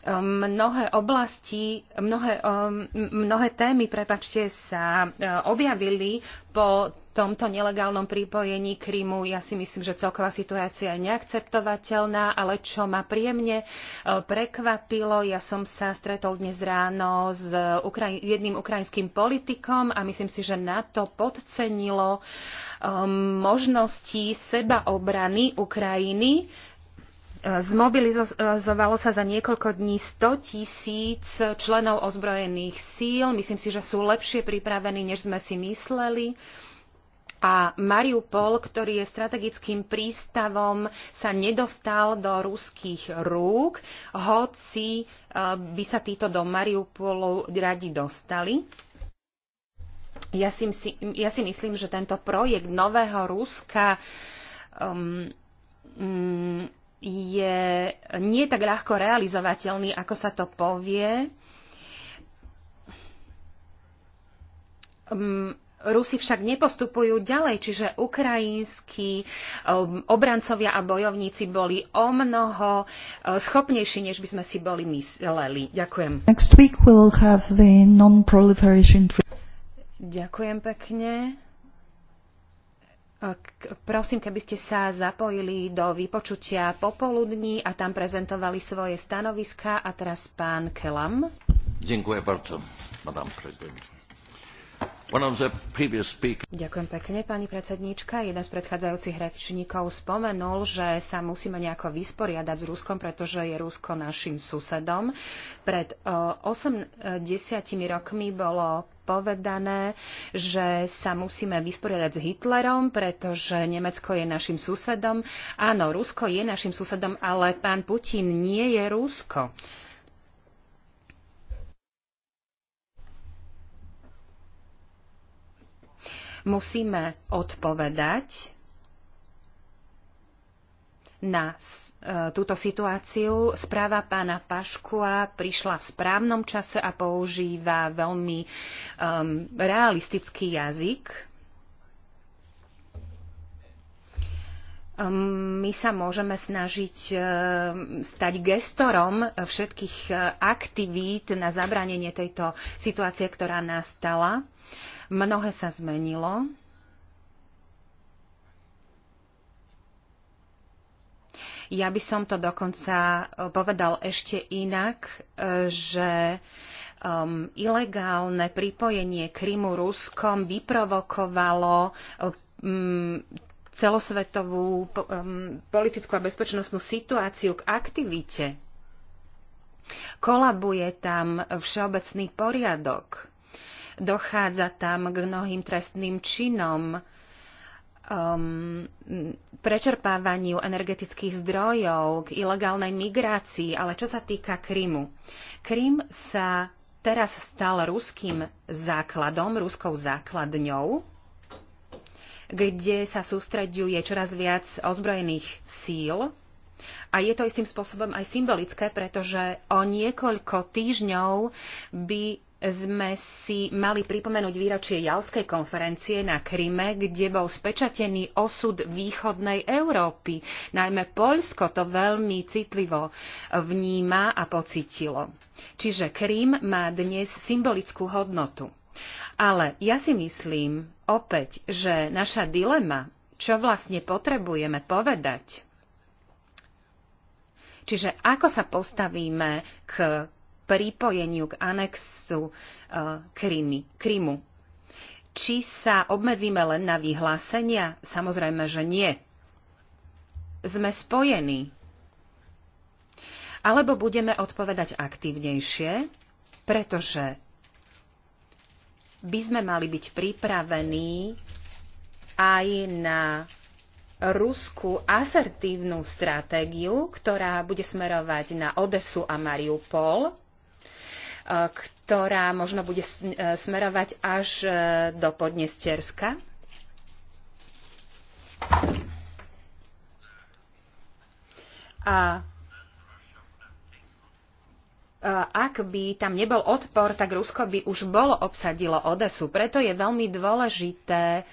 Um, mnohé oblasti, mnohé, um, mnohé témy, prepačte, sa uh, objavili po tomto nelegálnom pripojení Krymu. Ja si myslím, že celková situácia je neakceptovateľná, ale čo ma príjemne e, prekvapilo, ja som sa stretol dnes ráno s Ukraj- jedným ukrajinským politikom a myslím si, že na to podcenilo e, možnosti sebaobrany Ukrajiny e, Zmobilizovalo sa za niekoľko dní 100 tisíc členov ozbrojených síl. Myslím si, že sú lepšie pripravení, než sme si mysleli a Mariupol, ktorý je strategickým prístavom, sa nedostal do ruských rúk, hoci e, by sa títo do Mariupolu radi dostali. Ja si, ja si myslím, že tento projekt Nového Ruska um, mm, je nie tak ľahko realizovateľný, ako sa to povie. Um, Rusi však nepostupujú ďalej, čiže ukrajinskí um, obrancovia a bojovníci boli o mnoho uh, schopnejší, než by sme si boli mysleli. Ďakujem.
Next week we'll have the non-proliferation...
Ďakujem pekne. Prosím, keby ste sa zapojili do vypočutia popoludní a tam prezentovali svoje stanoviska. A teraz pán Kelam.
Ďakujem bardzo, madame prezident.
Ďakujem
pekne, pani predsedníčka. Jeden z predchádzajúcich rečníkov spomenul, že sa musíme nejako vysporiadať s Ruskom, pretože je Rusko našim susedom. Pred 80 rokmi bolo povedané, že sa musíme vysporiadať s Hitlerom, pretože Nemecko je našim susedom. Áno, Rusko je našim susedom, ale pán Putin nie je Rusko. musíme odpovedať na e, túto situáciu. Správa pána Paškua prišla v správnom čase a používa veľmi um, realistický jazyk. my sa môžeme snažiť stať gestorom všetkých e, aktivít na zabranenie tejto situácie, ktorá nastala. Mnohé sa zmenilo. Ja by som to dokonca e, povedal ešte inak, e, že um, ilegálne pripojenie Krymu Ruskom vyprovokovalo um, celosvetovú um, politickú a bezpečnostnú situáciu k aktivite. Kolabuje tam všeobecný poriadok. Dochádza tam k mnohým trestným činom, um, prečerpávaniu energetických zdrojov, k ilegálnej migrácii, ale čo sa týka Krymu. Krym sa teraz stal ruským základom, ruskou základňou, kde sa sústreďuje čoraz viac ozbrojených síl. A je to istým spôsobom aj symbolické, pretože o niekoľko týždňov by sme si mali pripomenúť výročie Jalskej konferencie na Kryme, kde bol spečatený osud východnej Európy. Najmä Poľsko to veľmi citlivo vníma a pocitilo. Čiže Krím má dnes symbolickú hodnotu. Ale ja si myslím opäť, že naša dilema, čo vlastne potrebujeme povedať, čiže ako sa postavíme k pripojeniu k anexu e, Krymy, Krymu. Či sa obmedzíme len na vyhlásenia? Samozrejme, že nie. Sme spojení. Alebo budeme odpovedať aktívnejšie, pretože by sme mali byť pripravení aj na ruskú asertívnu stratégiu, ktorá bude smerovať na Odesu a Mariupol, E, ktorá možno bude e, smerovať až e, do Podnestierska. A ak by tam nebol odpor, tak Rusko by už bolo obsadilo Odesu. Preto je veľmi dôležité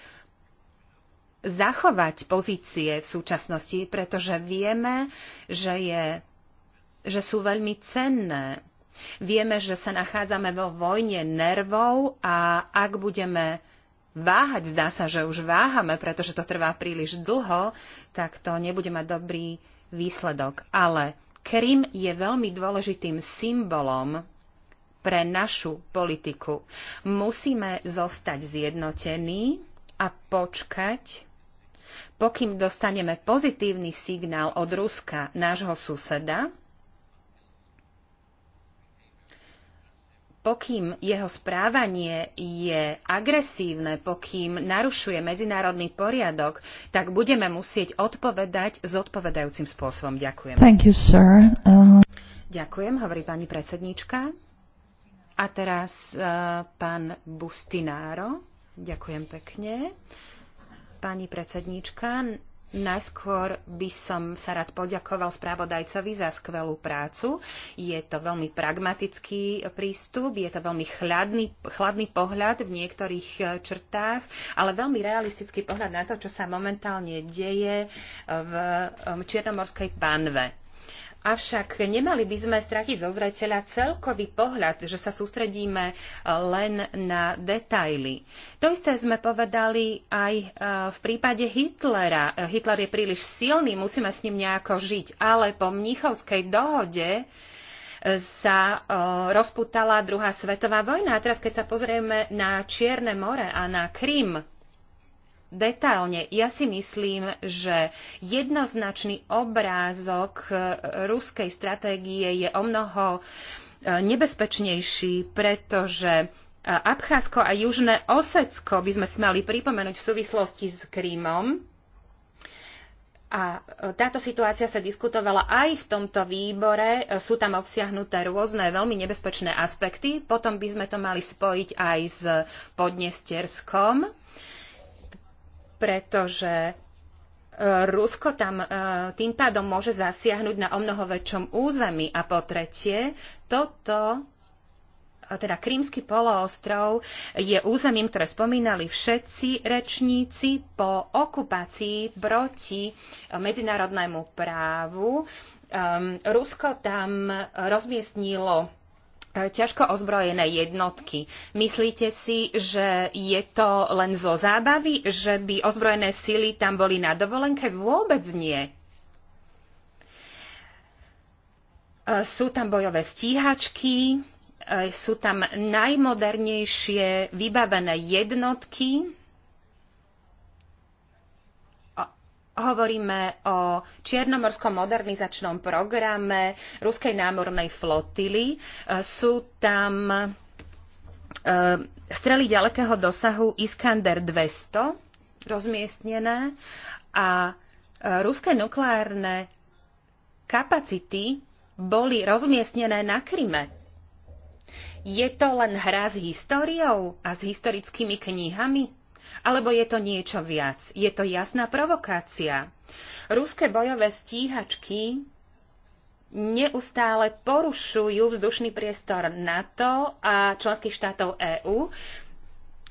zachovať pozície v súčasnosti, pretože vieme, že, je, že sú veľmi cenné Vieme, že sa nachádzame vo vojne nervov a ak budeme váhať, zdá sa, že už váhame, pretože to trvá príliš dlho, tak to nebude mať dobrý výsledok. Ale Krym je veľmi dôležitým symbolom pre našu politiku. Musíme zostať zjednotení a počkať, pokým dostaneme pozitívny signál od Ruska, nášho suseda, pokým jeho správanie je agresívne, pokým narušuje medzinárodný poriadok, tak budeme musieť odpovedať s odpovedajúcim spôsobom. Ďakujem. Thank you, sir. Uh... Ďakujem, hovorí pani predsedníčka. A teraz uh, pán Bustináro. Ďakujem pekne. Pani predsedníčka, Najskôr by som sa rád poďakoval správodajcovi za skvelú prácu. Je to veľmi pragmatický prístup, je to veľmi chladný, chladný pohľad v niektorých e, črtách, ale veľmi realistický pohľad na to, čo sa momentálne deje v e, Čiernomorskej panve Avšak nemali by sme stratiť zo zreteľa celkový pohľad, že sa sústredíme e, len na detaily. To isté sme povedali aj e, v prípade Hitlera. E, Hitler je príliš silný, musíme s ním nejako žiť, ale po mnichovskej dohode sa rozputala druhá svetová vojna. A teraz, keď sa pozrieme na Čierne more a na Krym, detailne. Ja si myslím, že jednoznačný obrázok e, ruskej stratégie je o mnoho e, nebezpečnejší, pretože e, Abcházsko a Južné Osecko by sme smeli pripomenúť v súvislosti s Krímom. A táto situácia sa diskutovala aj v tomto výbore. Sú tam obsiahnuté rôzne veľmi nebezpečné aspekty. Potom by sme to mali spojiť aj s podnestierskom. Uh, pretože e, Rusko tam e, tým pádom môže zasiahnuť na o mnoho väčšom území. A po tretie, toto e, teda Krímsky poloostrov je územím, ktoré spomínali všetci rečníci po okupácii proti medzinárodnému právu. Ehm, Rusko tam rozmiestnilo E, ťažko ozbrojené jednotky. Myslíte si, že je to len zo zábavy, že by ozbrojené sily tam boli na dovolenke? Vôbec nie. E, sú tam bojové stíhačky, e, sú tam najmodernejšie vybavené jednotky, Hovoríme o Čiernomorskom modernizačnom programe Ruskej námornej flotily. E, sú tam e, strely ďalekého dosahu Iskander 200 rozmiestnené a e, ruské nukleárne kapacity boli rozmiestnené na Kryme. Je to len hra s históriou a s historickými knihami? Alebo je to niečo viac? Je to jasná provokácia. Ruské bojové stíhačky neustále porušujú vzdušný priestor NATO a členských štátov EÚ,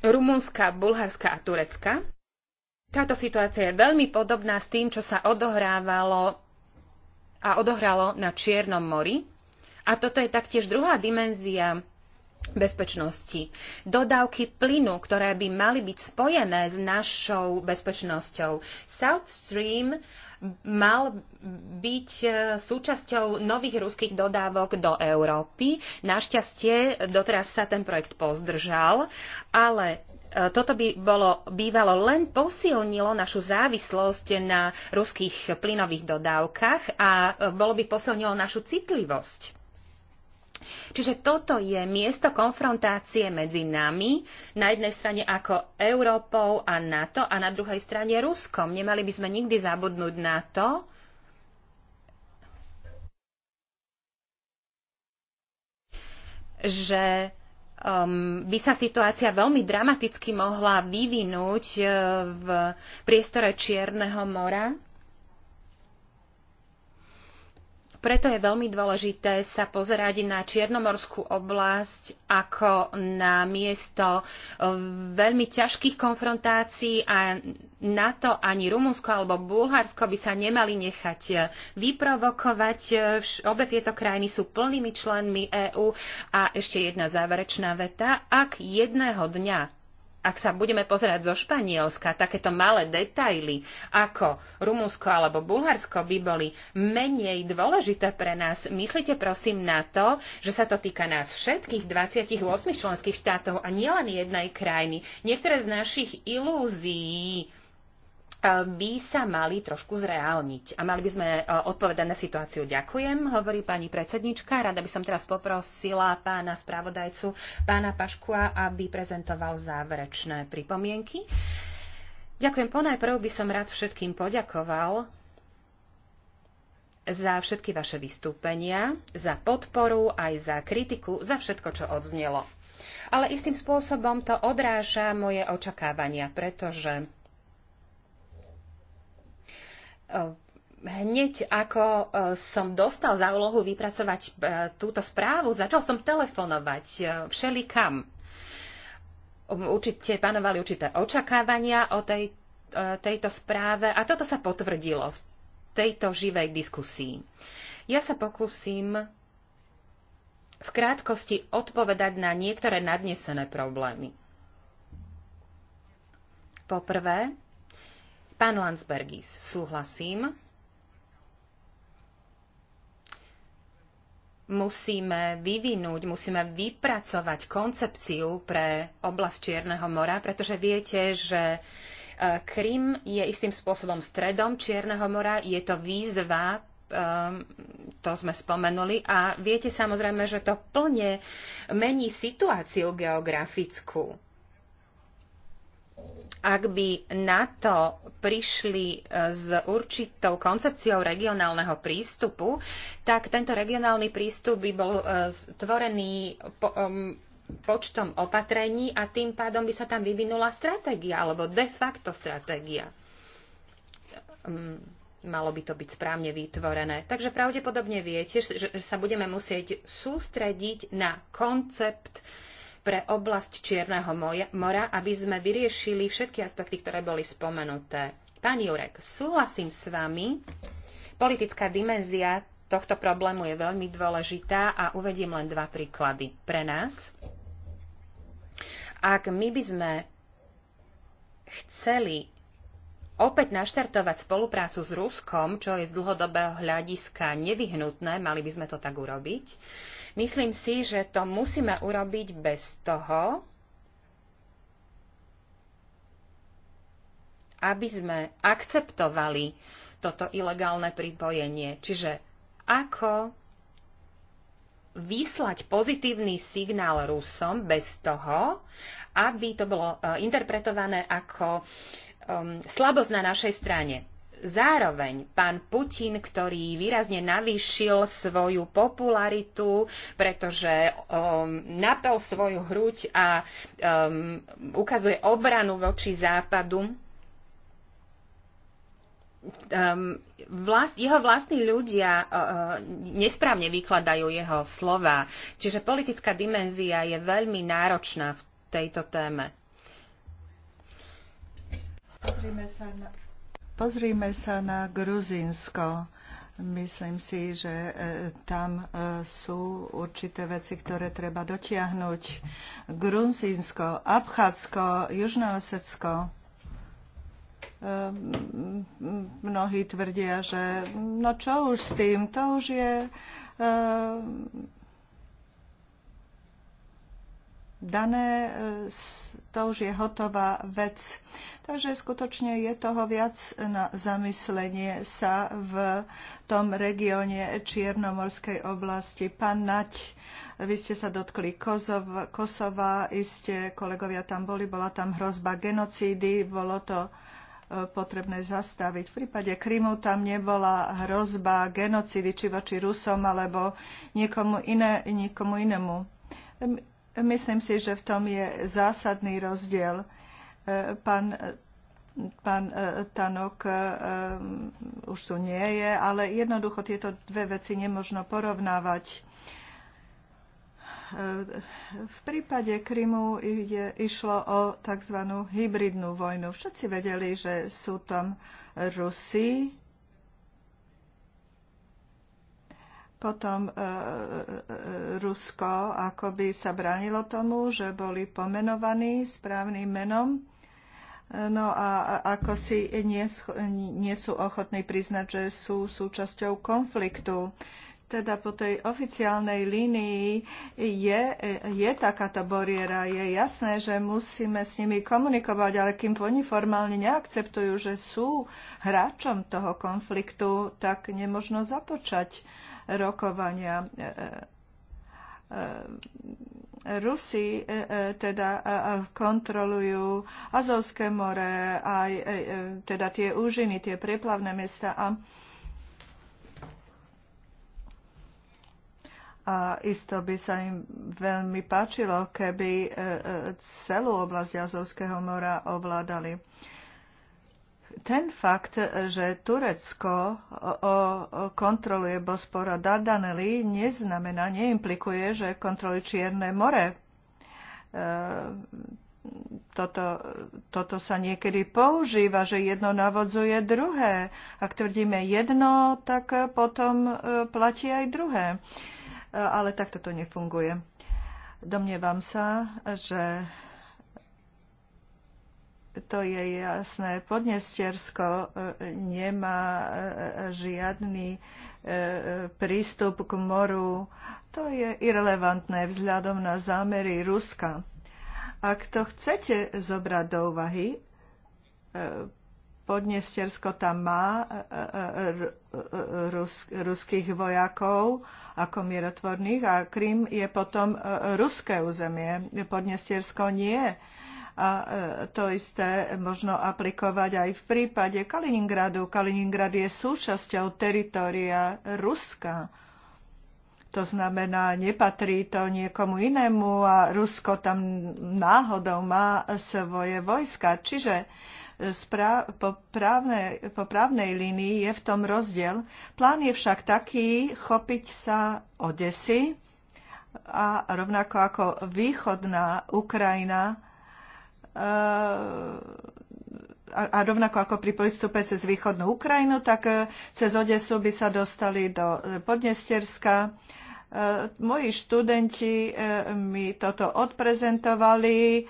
Rumunska, Bulharska a Turecka. Táto situácia je veľmi podobná s tým, čo sa odohrávalo a odohralo na Čiernom mori. A toto je taktiež druhá dimenzia bezpečnosti. Dodávky plynu, ktoré by mali byť spojené s našou bezpečnosťou. South Stream mal byť e, súčasťou nových ruských dodávok do Európy. Našťastie doteraz sa ten projekt pozdržal, ale e, toto by bolo bývalo len posilnilo našu závislosť na ruských plynových dodávkach a e, bolo by posilnilo našu citlivosť Čiže toto je miesto konfrontácie medzi nami, na jednej strane ako Európou a NATO a na druhej strane Ruskom. Nemali by sme nikdy zabudnúť na to, že um, by sa situácia veľmi dramaticky mohla vyvinúť uh, v priestore Čierneho mora. Preto je veľmi dôležité sa pozerať na Čiernomorskú oblasť ako na miesto e, veľmi ťažkých konfrontácií a na to ani Rumunsko alebo Bulharsko by sa nemali nechať e, vyprovokovať. E, obe tieto krajiny sú plnými členmi EÚ a ešte jedna záverečná veta. Ak jedného dňa ak sa budeme pozerať zo Španielska, takéto malé detaily ako Rumunsko alebo Bulharsko by boli menej dôležité pre nás. Myslíte prosím na to, že sa to týka nás všetkých 28 členských štátov a nielen jednej krajiny. Niektoré z našich ilúzií by sa mali trošku zreálniť a mali by sme e, odpovedať na situáciu. Ďakujem, hovorí pani predsednička. Rada by som teraz poprosila pána spravodajcu, pána Paškua, aby prezentoval záverečné pripomienky. Ďakujem. Ponajprv by som rád všetkým poďakoval za všetky vaše vystúpenia, za podporu, aj za kritiku, za všetko, čo odznelo. Ale istým spôsobom to odráža moje očakávania, pretože Eh, hneď ako eh, som dostal za úlohu vypracovať eh, túto správu, začal som telefonovať všelikam. Um, určite panovali určité očakávania o tej, tejto správe a toto sa potvrdilo v tejto živej diskusii. Ja sa pokúsim v krátkosti odpovedať na niektoré nadnesené problémy. Poprvé, Pán Landsbergis, súhlasím. musíme vyvinúť, musíme vypracovať koncepciu pre oblasť Čierneho mora, pretože viete, že e, Krym je istým spôsobom stredom Čierneho mora, je to výzva, e, to sme spomenuli, a viete samozrejme, že to plne mení situáciu geografickú ak by NATO prišli e, s určitou koncepciou regionálneho prístupu, tak tento regionálny prístup by bol e, tvorený počtom opatrení a tým pádom by sa tam vyvinula stratégia alebo de facto stratégia. malo by to byť správne vytvorené. Takže pravdepodobne viete, že sa budeme musieť sústrediť na koncept uh, pre oblasť Čierneho mora, aby sme vyriešili všetky aspekty, ktoré boli spomenuté. Pán Jurek, súhlasím s vami. Politická dimenzia tohto problému je veľmi dôležitá a uvediem len dva príklady pre nás. Ak my by sme chceli opäť naštartovať spoluprácu s Ruskom, čo je z dlhodobého hľadiska nevyhnutné, mali by sme to tak urobiť, Myslím si, že to musíme urobiť bez toho, aby sme akceptovali toto ilegálne pripojenie. Čiže ako vyslať pozitívny signál Rusom bez toho, aby to bolo eh, interpretované ako um, slabosť na našej strane. Zároveň pán Putin, ktorý výrazne navýšil svoju popularitu, pretože um, napel svoju hruď a um, ukazuje obranu voči západu, um, vlast, jeho vlastní ľudia uh, uh nesprávne vykladajú jeho slova. Čiže politická dimenzia je veľmi náročná v tejto téme.
Pozrime sa na... Pozrime sa na Gruzinsko. Myslím si, že e, tam e, sú určité veci, ktoré treba dotiahnuť. Gruzinsko, Abchádzko, Južné e, Mnohí tvrdia, že no čo už s tým, to už je dané, e, to už je hotová vec. Takže skutočne je toho viac na zamyslenie sa v tom regióne Čiernomorskej oblasti. Pán Nať, vy ste sa dotkli Kozov, Kosova, iste kolegovia tam boli, bola tam hrozba genocídy, bolo to e, potrebné zastaviť. V prípade Krymu tam nebola hrozba genocidy či voči Rusom alebo niekomu, iné, niekomu inému Myslím si, že v tom je zásadný rozdiel. E, pán, e, pán e, Tanok už tu nie je, ale jednoducho tieto dve veci nemožno porovnávať. V prípade Krymu ide, išlo o tzv. hybridnú vojnu. Všetci vedeli, že sú tam Rusi, Potom e, e, e Rusko akoby sa bránilo tomu, že boli pomenovaní správnym menom. E, no a ako si nie, nie sú ochotní priznať, že sú súčasťou konfliktu teda po tej oficiálnej línii je, je takáto bariéra. Je jasné, že musíme s nimi komunikovať, ale kým oni formálne neakceptujú, že sú hráčom toho konfliktu, tak nemožno započať rokovania. E, e, e, Rusi teda kontrolujú Azovské more, aj teda tie úžiny, tie preplavné mesta a A isto by sa im veľmi páčilo, keby celú oblasť Azovského mora ovládali ten fakt, že Turecko kontroluje Bospora Dardanely, neznamená, neimplikuje, že kontroluje Čierne more. E, toto, toto sa niekedy používa, že jedno navodzuje druhé. Ak tvrdíme jedno, tak potom e, platí aj druhé. E, ale takto to nefunguje. Domnievam sa, že to je jasné. Podnestiersko e, nemá e, žiadny e, prístup k moru. To je irrelevantné vzhľadom na zámery Ruska. Ak to chcete zobrať do úvahy, Podnestiersko tam má rus, ruských vojakov ako mierotvorných a Krym je potom ruské územie. Podnestiersko nie je a e, to isté možno aplikovať aj v prípade Kaliningradu. Kaliningrad je súčasťou teritoria Ruska. To znamená, nepatrí to niekomu inému a Rusko tam náhodou má svoje vojska. Čiže e, po, právnej, po právnej línii je v tom rozdiel. Plán je však taký chopiť sa Odesy a rovnako ako východná Ukrajina a rovnako ako pri prístupe cez východnú Ukrajinu, tak e, cez Odesu by sa dostali do e, Podnesterska. E, moji študenti mi toto odprezentovali,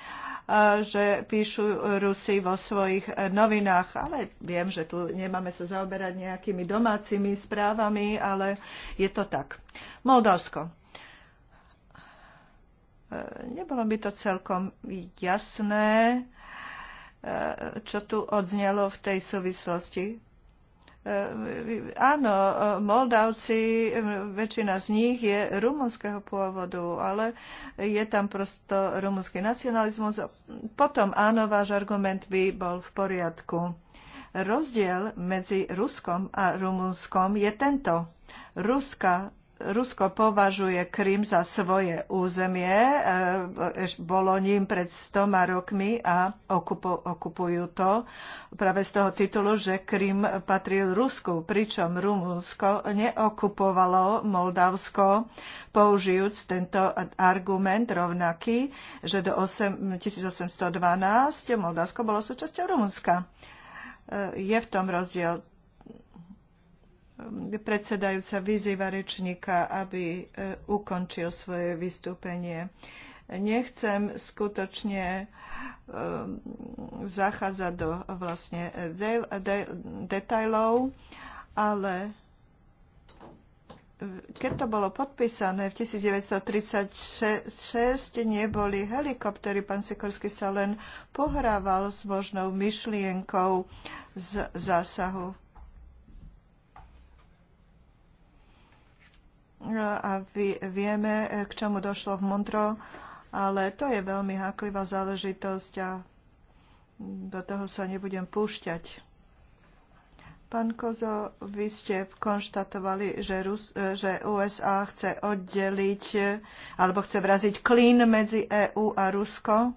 že píšu Rusy vo svojich novinách, ale viem, že tu nemáme sa zaoberať nejakými domácimi správami, ale je to tak. Moldavsko. E, nebolo by to celkom jasné, e, čo tu odznelo v tej súvislosti. E, áno, Moldavci, väčšina z nich je rumunského pôvodu, ale je tam prosto rumunský nacionalizmus. Potom áno, váš argument by bol v poriadku. Rozdiel medzi Ruskom a Rumunskom je tento. Ruska Rusko považuje Krym za svoje územie, e, e, bolo ním pred stoma rokmi a okupujú to práve z toho titulu, že Krym patril Rusku, pričom Rumunsko neokupovalo Moldavsko, použijúc tento argument rovnaký, že do 8, 1812 Moldavsko bolo súčasťou Rumunska. E, je v tom rozdiel Ehm, predsedajúca vyzýva rečníka, aby e, ukončil svoje vystúpenie. Nechcem skutočne ehm, zachádzať do vlastne de- de- detajlov, ale e, keď to bolo podpísané v 1936, neboli helikoptery. Pán Sikorsky sa len pohrával s možnou myšlienkou z zásahu a vieme, e, k čomu došlo v Montro, ale to je veľmi háklivá záležitosť a do toho sa nebudem púšťať. Pán Kozo, vy ste konštatovali, že, Rus, e, že USA chce oddeliť e, alebo chce vraziť klín medzi EÚ a Rusko.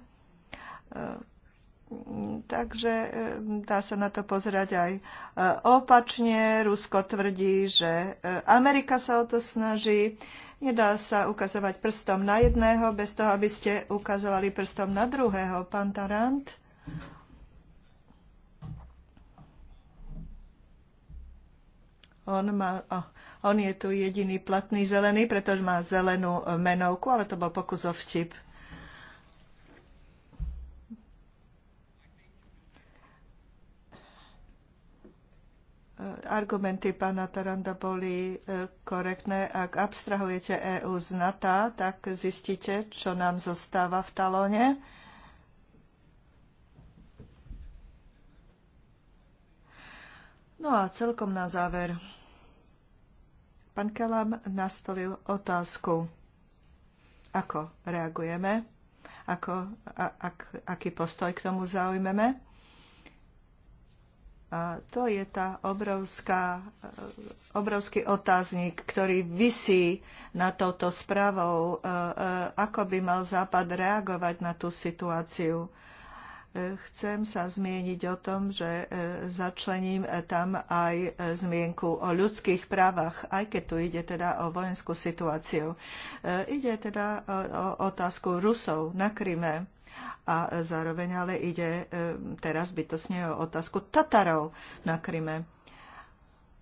Takže e, dá sa na to pozerať aj e, opačne. Rusko tvrdí, že e, Amerika sa o to snaží. Nedá sa ukazovať prstom na jedného, bez toho, aby ste ukazovali prstom na druhého. Pán Tarant? On, má, oh, on je tu jediný platný zelený, pretože má zelenú menovku, ale to bol pokus o vtip. Eh, argumenty pána Taranda boli eh, korektné. Ak abstrahujete EU z NATO, tak zistíte, čo nám zostáva v talóne. No a celkom na záver. Pán Kelam nastolil otázku, ako reagujeme, ako, a, ak, aký postoj k tomu zaujmeme. A to je tá obrovská, obrovský otáznik, ktorý vysí na touto správou, e, e, ako by mal Západ reagovať na tú situáciu. E, chcem sa zmieniť o tom, že začlením tam aj zmienku o ľudských právach, aj keď tu ide teda o vojenskú situáciu. Ide teda o otázku Rusov na Kryme a zároveň ale ide e, teraz bytosne o otázku Tatarov na Kryme.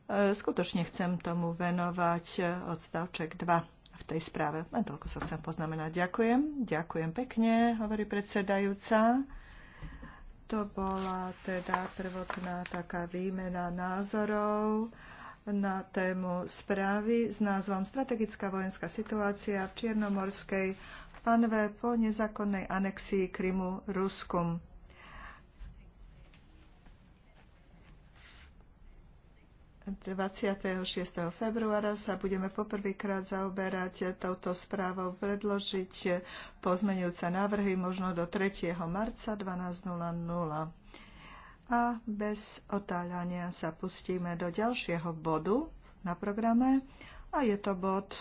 E, skutočne chcem tomu venovať odstavček 2 v tej správe. Len toľko sa chcem poznamenať. Ďakujem. Ďakujem pekne, hovorí predsedajúca. To bola teda prvotná taká výmena názorov na tému správy s názvom Strategická vojenská situácia v Čiernomorskej Anve po nezákonnej anexii Krymu Ruskom. ...26. februára sa budeme poprvýkrát zaoberať touto správou, predložiť pozmeňujúce návrhy možno do 3. marca 12.00. A bez otáľania sa pustíme do ďalšieho bodu na programe a je to bod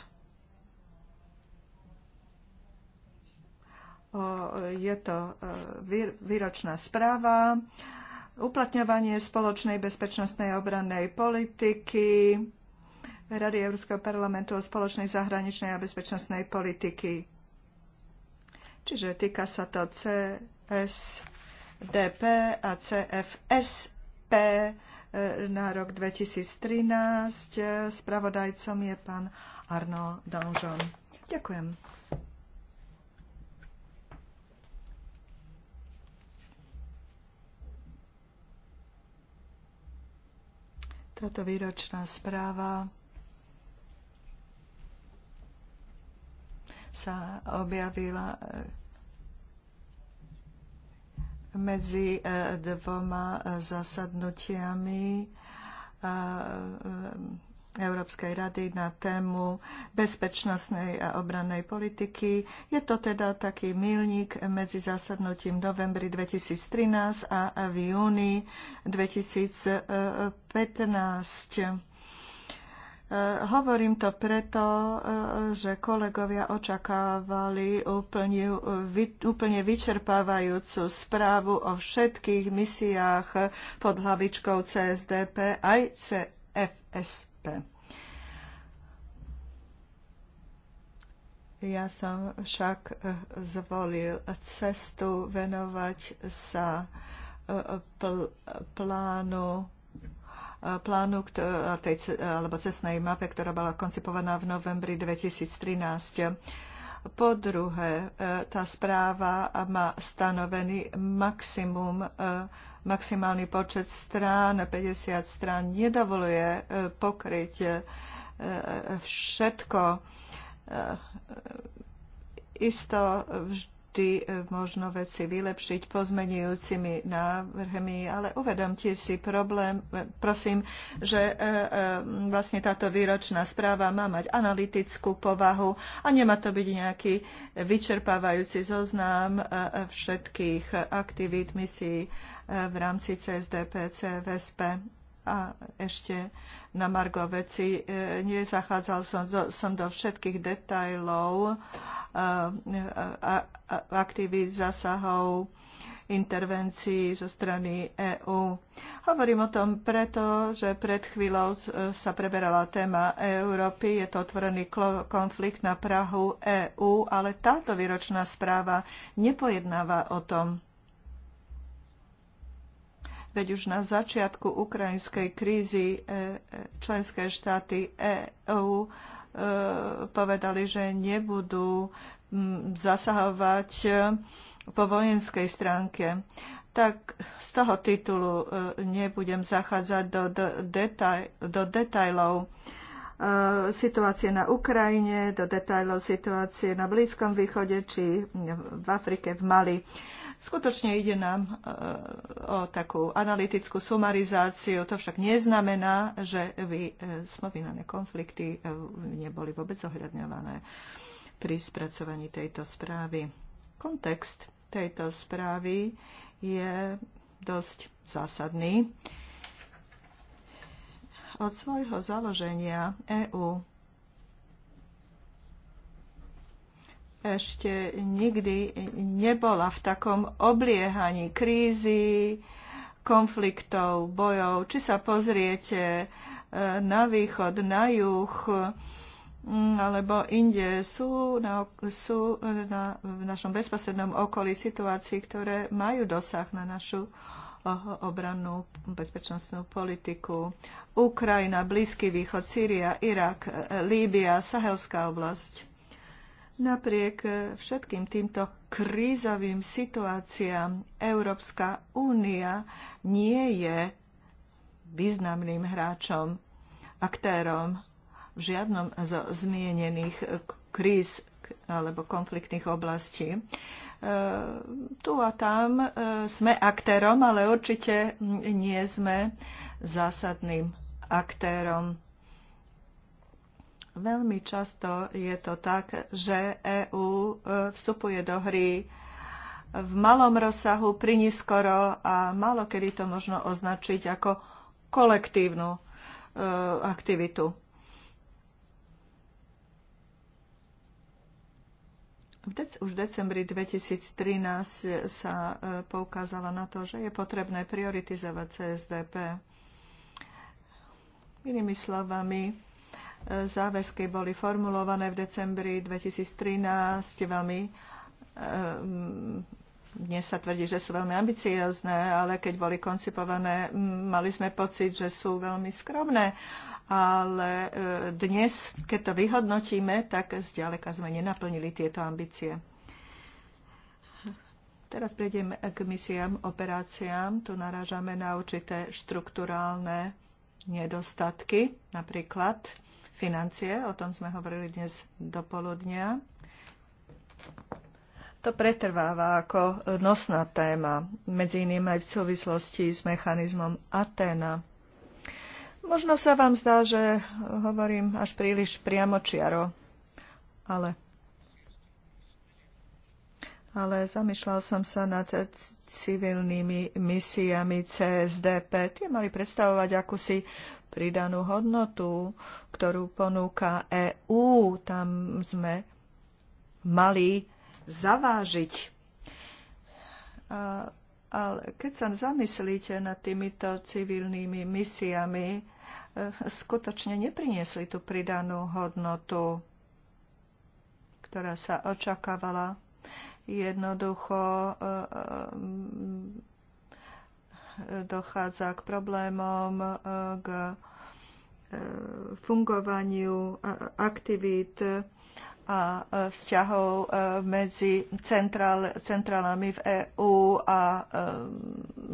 je to e, výročná správa, uplatňovanie spoločnej bezpečnostnej obrannej politiky Rady Európskeho parlamentu o spoločnej zahraničnej a bezpečnostnej politiky. Čiže týka sa to CSDP a CFSP e, na rok 2013. Spravodajcom je pán Arno Danžon. Ďakujem. Táto výročná správa sa objavila eh, medzi eh, dvoma eh, zasadnutiami Európskej rady na tému bezpečnostnej a obrannej politiky. Je to teda taký milník medzi zasadnutím novembri 2013 a v júni 2015. Hovorím to preto, že kolegovia očakávali úplne, úplne vyčerpávajúcu správu o všetkých misiách pod hlavičkou CSDP aj CFSU. Európe. Ja som však eh, zvolil cestu venovať sa eh, plánu eh, plánu tej, alebo cestnej mape, ktorá bola koncipovaná v novembri 2013. Po druhé, tá správa má stanovený maximum maximálny počet strán, 50 strán, nedovoluje e, pokryť e, e, všetko. Isto vždy možno veci vylepšiť pozmenujúcimi návrhmi, ale uvedomte si problém, prosím, že vlastne táto výročná správa má mať analytickú povahu a nemá to byť nejaký vyčerpávajúci zoznam všetkých aktivít, misií v rámci CSDP, CVSP a ešte na Margo veci. E, nezachádzal som do, som do všetkých detajlov e, aktivít zásahov intervencií zo strany EÚ. Hovorím o tom preto, že pred chvíľou e, sa preberala téma Európy. Je to otvorený konflikt na Prahu EÚ, ale táto výročná správa nepojednáva o tom. Veď už na začiatku ukrajinskej krízy e, e, členské štáty EÚ e, povedali, že nebudú zasahovať po vojenskej stránke. Tak z toho titulu nebudem zachádzať do, do, detaj, do detajlov situácie na Ukrajine, do detajlov situácie na Blízkom východe či v Afrike v Mali. Skutočne ide nám e, o takú analytickú sumarizáciu. To však neznamená, že by e, spomínané konflikty e, neboli vôbec ohľadňované pri spracovaní tejto správy. Kontext tejto správy je dosť zásadný. Od svojho založenia EÚ ešte nikdy nebola v takom obliehaní krízy, konfliktov, bojov. Či sa pozriete e, na východ, na juh, mm, alebo inde sú, na, sú na, v našom bezprostrednom okolí situácií, ktoré majú dosah na našu obrannú bezpečnostnú politiku. Ukrajina, Blízky východ, Sýria, Irak, Líbia, Sahelská oblasť Napriek eh, všetkým týmto krízovým situáciám Európska únia nie je významným hráčom, aktérom v žiadnom zo zmienených kríz alebo konfliktných oblastí. Eh, tu a tam eh, sme aktérom, ale určite nie sme zásadným aktérom Veľmi často je to tak, že EÚ e, vstupuje do hry v malom rozsahu, priniskoro a malo kedy to možno označiť ako kolektívnu e, aktivitu. Už v decembri 2013 sa e, poukázala na to, že je potrebné prioritizovať CSDP. Inými slovami, záväzky boli formulované v decembri 2013 veľmi eh, dnes sa tvrdí, že sú veľmi ambiciozne, ale keď boli koncipované, mm, mali sme pocit, že sú veľmi skromné. Ale eh, dnes, keď to vyhodnotíme, tak zďaleka sme nenaplnili tieto ambície. Teraz prejdem k misiám, operáciám. Tu narážame na určité štruktúrálne nedostatky. Napríklad financie, o tom sme hovorili dnes do poludnia. To pretrváva ako nosná téma, medzi iným aj v súvislosti s mechanizmom Atena. Možno sa vám zdá, že hovorím až príliš priamočiaro, ale ale zamýšľal som sa nad civilnými misiami CSDP. Tie mali predstavovať akúsi pridanú hodnotu, ktorú ponúka EÚ. Tam sme mali zavážiť. A, ale keď sa zamyslíte nad týmito civilnými misiami, e, skutočne nepriniesli tú pridanú hodnotu, ktorá sa očakávala. Jednoducho e, e, dochádza k problémom, e, k e, fungovaniu e, aktivít a vzťahov medzi centrál, centrálami v EÚ a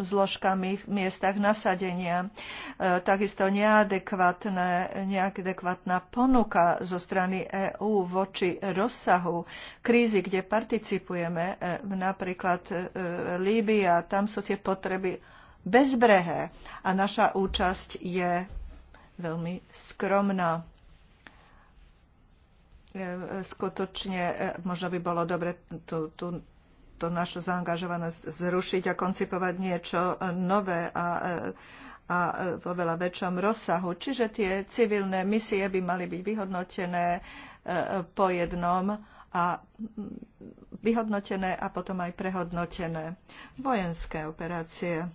zložkami v miestach nasadenia. Takisto neadekvátne, neadekvátna ponuka zo strany EÚ voči rozsahu krízy, kde participujeme, napríklad Líbia, tam sú tie potreby bezbrehé a naša účasť je veľmi skromná. E, skutočne e, možno by bolo dobre tú, tú, tú našu zaangažovanosť zrušiť a koncipovať niečo e, nové a a vo veľa väčšom rozsahu. Čiže tie civilné misie by mali byť vyhodnotené po jednom a vyhodnotené a potom aj prehodnotené. Vojenské operácie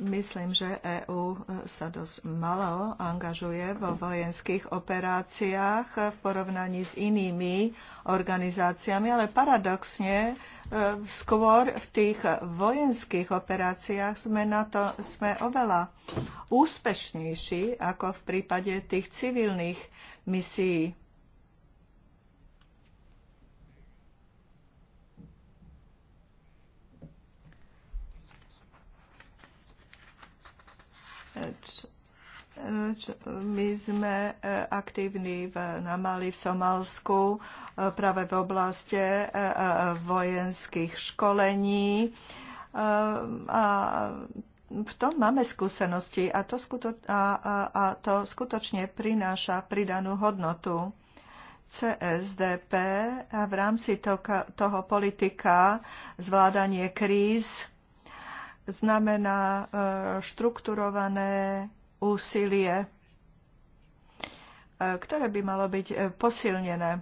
Myslím, že EÚ e, sa dosť malo angažuje vo vojenských operáciách v porovnaní s inými organizáciami, ale paradoxne e, skôr v tých vojenských operáciách sme, na to, sme oveľa úspešnejší ako v prípade tých civilných misií my sme e, aktívni v, na Mali, v Somálsku, e, práve v oblasti e, vojenských školení. A v tom máme skúsenosti a to, skuto, a, a, a to skutočne prináša pridanú hodnotu. CSDP a v rámci toka, toho politika zvládanie kríz znamená štrukturované úsilie, e, ktoré by malo byť e, posilnené.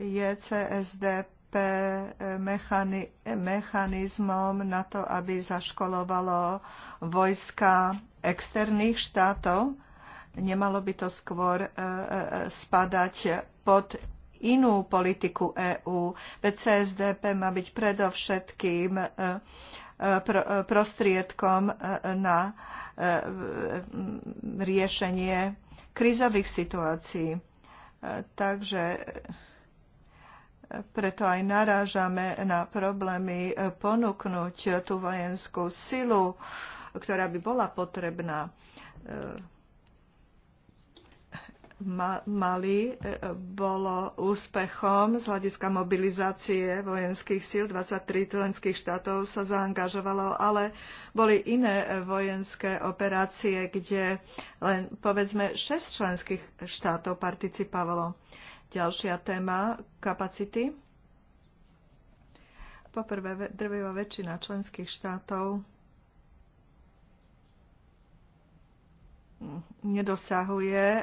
Je CSDP e, mechanizmom na to, aby zaškolovalo vojska externých štátov. Nemalo by to skôr spadať pod inú politiku EÚ. Veď CSDP má byť predovšetkým prostriedkom e, na e, riešenie krízových situácií. E, takže preto aj narážame na problémy ponúknuť tú vojenskú silu, ktorá by bola potrebná Mali e, bolo úspechom z hľadiska mobilizácie vojenských síl. 23 členských štátov sa zaangažovalo, ale boli iné e, vojenské operácie, kde len povedzme 6 členských štátov participovalo. Ďalšia téma kapacity. Poprvé, drvivá väčšina členských štátov nedosahuje e,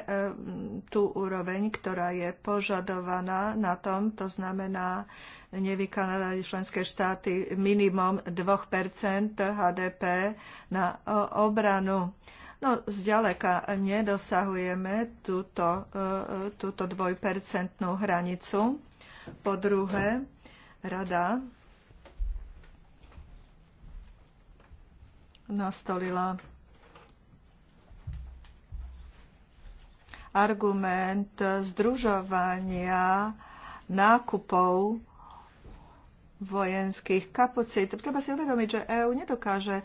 tú úroveň, ktorá je požadovaná na tom. To znamená, nevykonali členské štáty minimum 2 HDP na obranu. No, zďaleka nedosahujeme túto, e, túto dvojpercentnú hranicu. Po druhé, rada nastolila argument združovania nákupov vojenských kapacít. Treba si uvedomiť, že EÚ nedokáže e,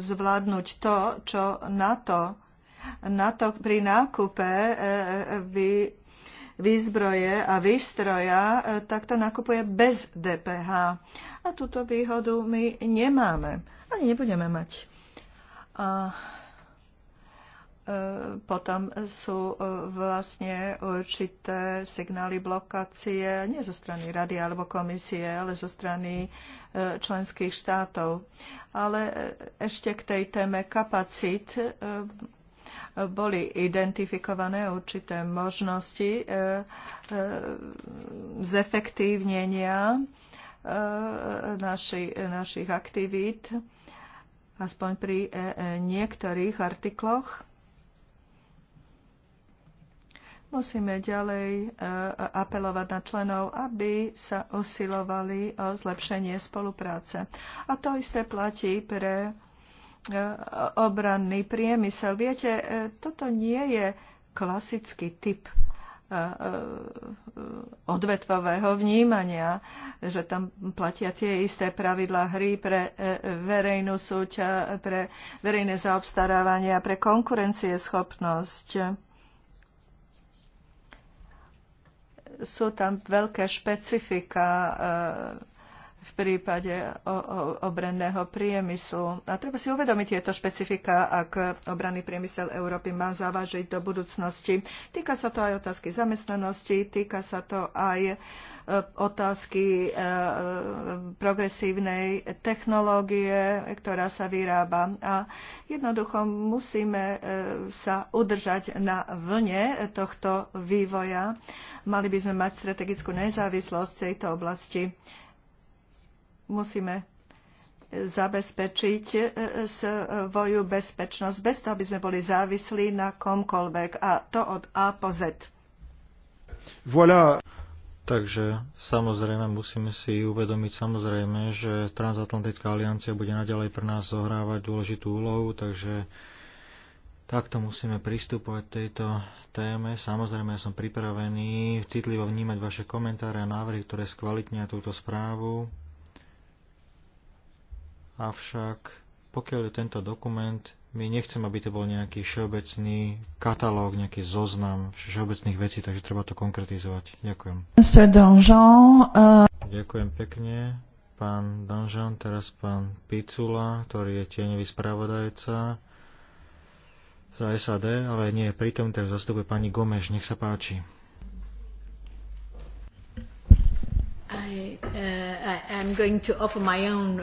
zvládnuť to, čo NATO. NATO pri nákupe e, e, vy, výzbroje a výstroja takto nakupuje bez DPH. A túto výhodu my nemáme. Ani nebudeme mať. A E, potom sú e, vlastne určité signály blokácie nie zo strany rady alebo komisie, ale zo strany e, členských štátov. Ale ešte k tej téme kapacít boli identifikované určité možnosti zefektívnenia našich, našich aktivít, aspoň pri niektorých artikloch Musíme ďalej e, apelovať na členov, aby sa usilovali o zlepšenie spolupráce. A to isté platí pre e, obranný priemysel. Viete, e, toto nie je klasický typ odvetvového vnímania, že tam platia tie isté pravidlá hry pre verejnú súťa, pre verejné zaobstarávanie a pre konkurencieschopnosť. sú tam veľké špecifika v prípade obranného priemyslu. A treba si uvedomiť tieto špecifika, ak obranný priemysel Európy má závažiť do budúcnosti. Týka sa to aj otázky zamestnanosti, týka sa to aj e, otázky e, progresívnej technológie, ktorá sa vyrába. A jednoducho musíme e, sa udržať na vlne tohto vývoja. Mali by sme mať strategickú nezávislosť v tejto oblasti musíme zabezpečiť e, svoju bezpečnosť bez toho, aby sme boli závislí na komkoľvek a to od A po Z.
Voilà. Takže samozrejme musíme si uvedomiť samozrejme, že Transatlantická aliancia bude naďalej pre nás zohrávať dôležitú úlohu, takže takto musíme pristupovať tejto téme. Samozrejme ja som pripravený citlivo vnímať vaše komentáre a návrhy, ktoré skvalitnia túto správu avšak pokiaľ je tento dokument, my nechcem, aby to bol nejaký všeobecný katalóg, nejaký zoznam všeobecných vecí, takže treba to konkretizovať. Ďakujem.
Donjon, uh...
Ďakujem pekne. Pán Danžan, teraz pán Picula, ktorý je tieňový spravodajca za SAD, ale nie je pritom, tak zastupuje pani Gomeš. Nech sa páči.
I, uh, I, going to offer my own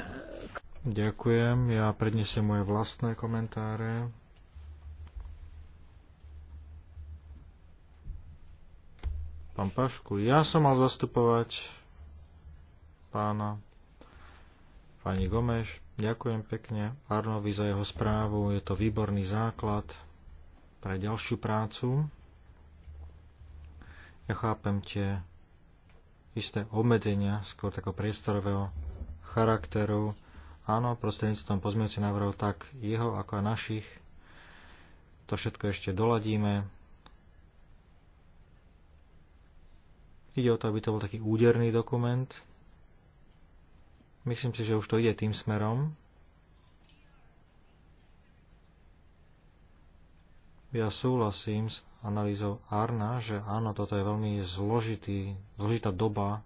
Ďakujem. Ja prednesem moje vlastné komentáre. Pán Pašku, ja som mal zastupovať pána, pani Gomeš. Ďakujem pekne Arnovi za jeho správu. Je to výborný základ pre ďalšiu prácu. Ja chápem tie isté obmedzenia, skôr takého priestorového charakteru. Áno, prostredníctvom pozmeňujúcich návrhov tak jeho ako aj našich. To všetko ešte doladíme. Ide o to, aby to bol taký úderný dokument. Myslím si, že už to ide tým smerom. Ja súhlasím s analýzou Arna, že áno, toto je veľmi zložitý, zložitá doba,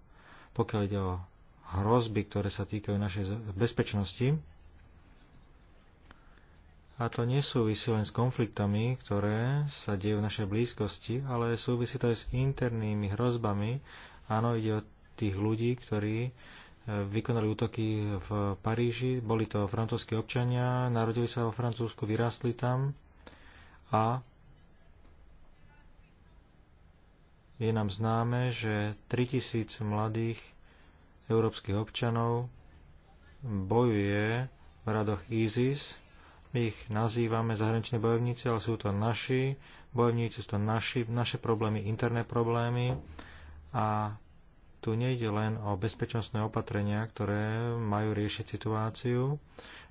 pokiaľ ide o hrozby, ktoré sa týkajú našej bezpečnosti. A to nesúvisí len s konfliktami, ktoré sa dejú v našej blízkosti, ale súvisí to aj s internými hrozbami. Áno, ide o tých ľudí, ktorí e, vykonali útoky v Paríži. Boli to francúzskí občania, narodili sa vo Francúzsku, vyrastli tam a je nám známe, že 3000 mladých európskych občanov bojuje v radoch ISIS. My ich nazývame zahraniční bojovníci, ale sú to naši bojovníci, sú to naši, naše problémy, interné problémy a tu nejde len o bezpečnostné opatrenia, ktoré majú riešiť situáciu.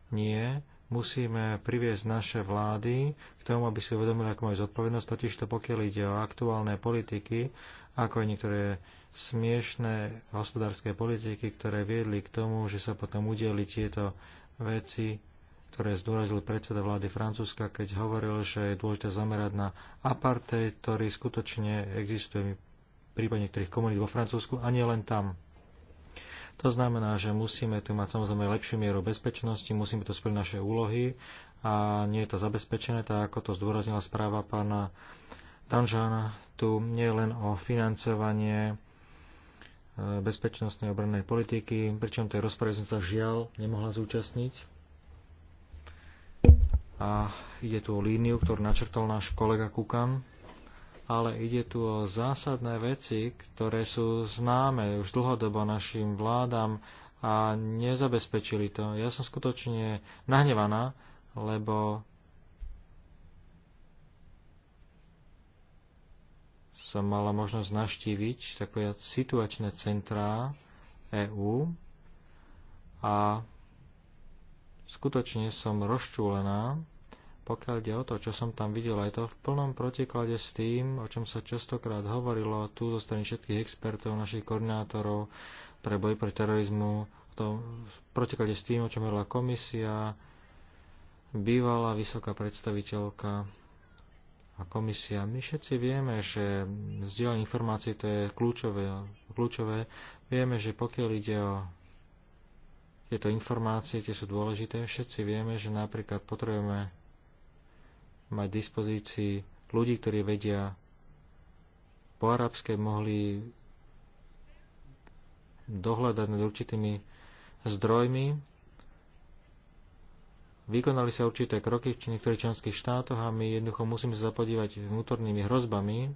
Nie, musíme priviesť naše vlády k tomu, aby si uvedomili, ako majú zodpovednosť, totiž to pokiaľ ide o aktuálne politiky, ako aj niektoré smiešné hospodárske politiky, ktoré viedli k tomu, že sa potom udeli tieto veci, ktoré zdôrazil predseda vlády Francúzska, keď hovoril, že je dôležité zamerať na apartheid, ktorý skutočne existuje v prípade niektorých komunít vo Francúzsku a nie len tam. To znamená, že musíme tu mať samozrejme lepšiu mieru bezpečnosti, musíme tu splniť naše úlohy a nie je to zabezpečené, tak ako to zdôraznila správa pána Danžána. Tu nie je len o financovanie e, bezpečnostnej obrannej politiky, pričom tej rozprave som sa žiaľ nemohla zúčastniť. A ide tu o líniu, ktorú načrtol náš kolega Kukan ale ide tu o zásadné veci, ktoré sú známe už dlhodobo našim vládam a nezabezpečili to. Ja som skutočne nahnevaná, lebo som mala možnosť naštíviť také situačné centrá EÚ a skutočne som rozčúlená, pokiaľ ide o to, čo som tam videl, je to v plnom protiklade s tým, o čom sa častokrát hovorilo tu zo strany všetkých expertov, našich koordinátorov pre boj proti terorizmu, tom, v protiklade s tým, o čom hovorila komisia, bývalá vysoká predstaviteľka a komisia. My všetci vieme, že zdieľanie informácií to je kľúčové, kľúčové. Vieme, že pokiaľ ide o tieto informácie, tie sú dôležité. Všetci vieme, že napríklad potrebujeme mať dispozícii ľudí, ktorí vedia po arabske, mohli dohľadať nad určitými zdrojmi. Vykonali sa určité kroky v niektorých členských štátoch a my jednoducho musíme sa zapodívať vnútornými hrozbami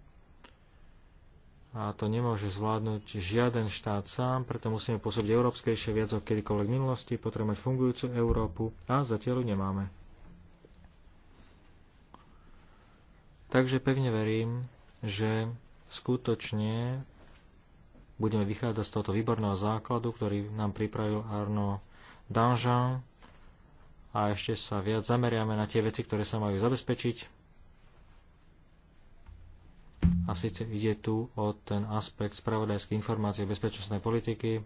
a to nemôže zvládnuť žiaden štát sám, preto musíme pôsobiť európskejšie viac ako kedykoľvek v minulosti, potrebujeme fungujúcu Európu a zatiaľ ju nemáme. Takže pevne verím, že skutočne budeme vychádzať z tohoto výborného základu, ktorý nám pripravil Arno Danjean a ešte sa viac zameriame na tie veci, ktoré sa majú zabezpečiť. A síce ide tu o ten aspekt spravodajskej informácií bezpečnostnej politiky.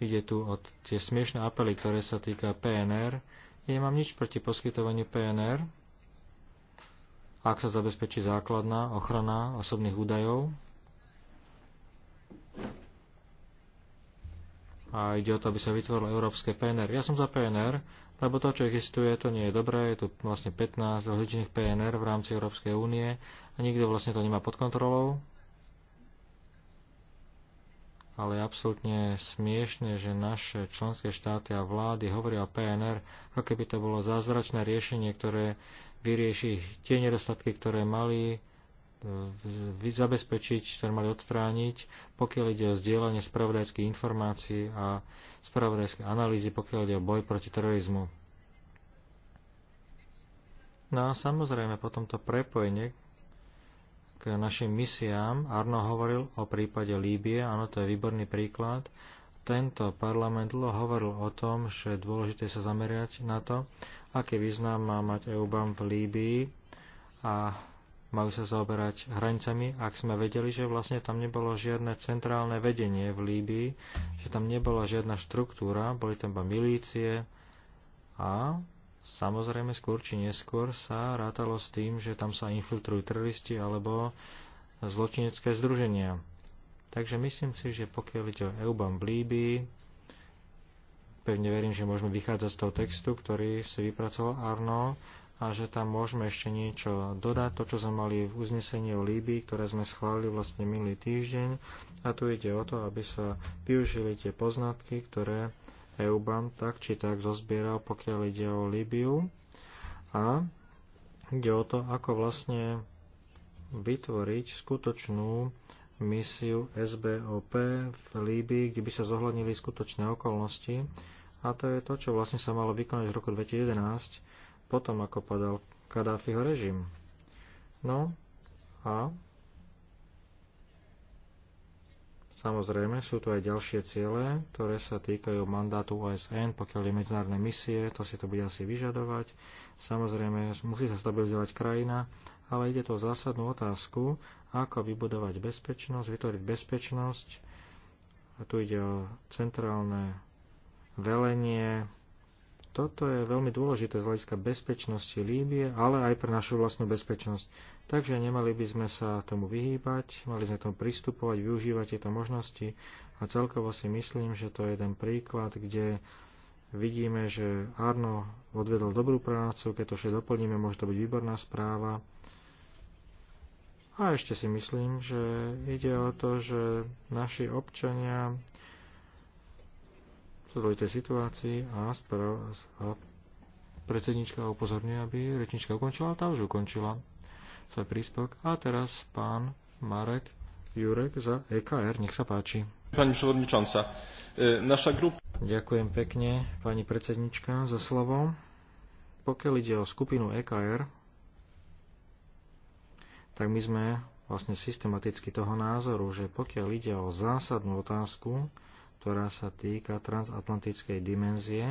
Ide tu o tie smiešné apely, ktoré sa týka PNR. nemám nič proti poskytovaniu PNR, ak sa zabezpečí základná ochrana osobných údajov. A ide o to, aby sa vytvorilo európske PNR. Ja som za PNR, lebo to, čo existuje, to nie je dobré. Je tu vlastne 15 rozličných PNR v rámci Európskej únie a nikto vlastne to nemá pod kontrolou. Ale je absolútne smiešne, že naše členské štáty a vlády hovoria o PNR, ako keby to bolo zázračné riešenie, ktoré vyriešiť tie nedostatky, ktoré mali e, zabezpečiť, ktoré mali odstrániť, pokiaľ ide o zdieľanie spravodajských informácií a spravodajské analýzy, pokiaľ ide o boj proti terorizmu. No a samozrejme potom to prepojenie k našim misiám. Arno hovoril o prípade Líbie, áno, to je výborný príklad tento parlament dlho hovoril o tom, že je dôležité sa zamerať na to, aký význam má mať EUBAM v Líbii a majú sa zaoberať hranicami, ak sme vedeli, že vlastne tam nebolo žiadne centrálne vedenie v Líbii, že tam nebola žiadna štruktúra, boli tam iba milície a samozrejme skôr či neskôr sa rátalo s tým, že tam sa infiltrujú teroristi alebo zločinecké združenia. Takže myslím si, že pokiaľ ide o EUBAM v Líbii, pevne verím, že môžeme vychádzať z toho textu, ktorý si vypracoval Arno a že tam môžeme ešte niečo dodať, to, čo sme mali v uznesení o Líbii, ktoré sme schválili vlastne minulý týždeň. A tu ide o to, aby sa využili tie poznatky, ktoré EUBAM tak či tak zozbieral, pokiaľ ide o Líbiu. A ide o to, ako vlastne vytvoriť skutočnú misiu SBOP v Líbii, kde by sa zohľadnili skutočné okolnosti. A to je to, čo vlastne sa malo vykonať v roku 2011, potom ako padal Kadáfiho režim. No a Samozrejme, sú tu aj ďalšie ciele, ktoré sa týkajú mandátu OSN, pokiaľ je medzinárodné misie, to si to bude asi vyžadovať. Samozrejme, musí sa stabilizovať krajina, ale ide to o zásadnú otázku, ako vybudovať bezpečnosť, vytvoriť bezpečnosť. A tu ide o centrálne velenie. Toto je veľmi dôležité z hľadiska bezpečnosti Líbie, ale aj pre našu vlastnú bezpečnosť. Takže nemali by sme sa tomu vyhýbať, mali sme tomu pristupovať, využívať tieto možnosti a celkovo si myslím, že to je jeden príklad, kde vidíme, že Arno odvedol dobrú prácu, keď to všetko doplníme, môže to byť výborná správa a ešte si myslím, že ide o to, že naši občania v tej situácii a, predsednička upozorňuje, aby rečnička ukončila, tá už ukončila svoj príspevok. A teraz pán Marek Jurek za EKR, nech sa páči.
Pani przewodnicząca,
e, naša grupa...
Ďakujem pekne, pani predsednička, za slovo. Pokiaľ ide o skupinu EKR, tak my sme vlastne systematicky toho názoru, že pokiaľ ide o zásadnú otázku, ktorá sa týka transatlantickej dimenzie,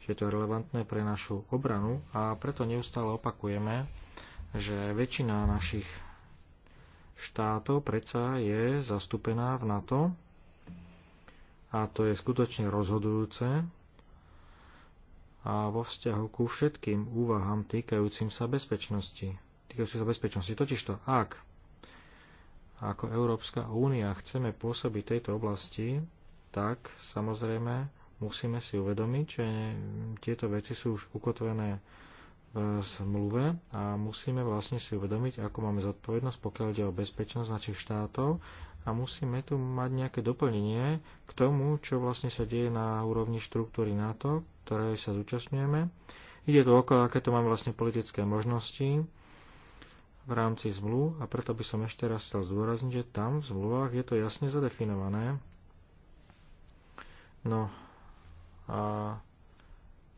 že to je relevantné pre našu obranu a preto neustále opakujeme, že väčšina našich štátov predsa je zastúpená v NATO a to je skutočne rozhodujúce a vo vzťahu ku všetkým úvahám týkajúcim sa bezpečnosti týkajúci sa bezpečnosti. Totižto, ak ako Európska únia chceme pôsobiť tejto oblasti, tak samozrejme musíme si uvedomiť, že tieto veci sú už ukotvené v zmluve a musíme vlastne si uvedomiť, ako máme zodpovednosť, pokiaľ ide o bezpečnosť našich štátov a musíme tu mať nejaké doplnenie k tomu, čo vlastne sa deje na úrovni štruktúry NATO, ktoré sa zúčastňujeme. Ide tu okolo, aké to máme vlastne politické možnosti, v rámci zmluv a preto by som ešte raz chcel zdôrazniť, že tam v zmluvách je to jasne zadefinované. No a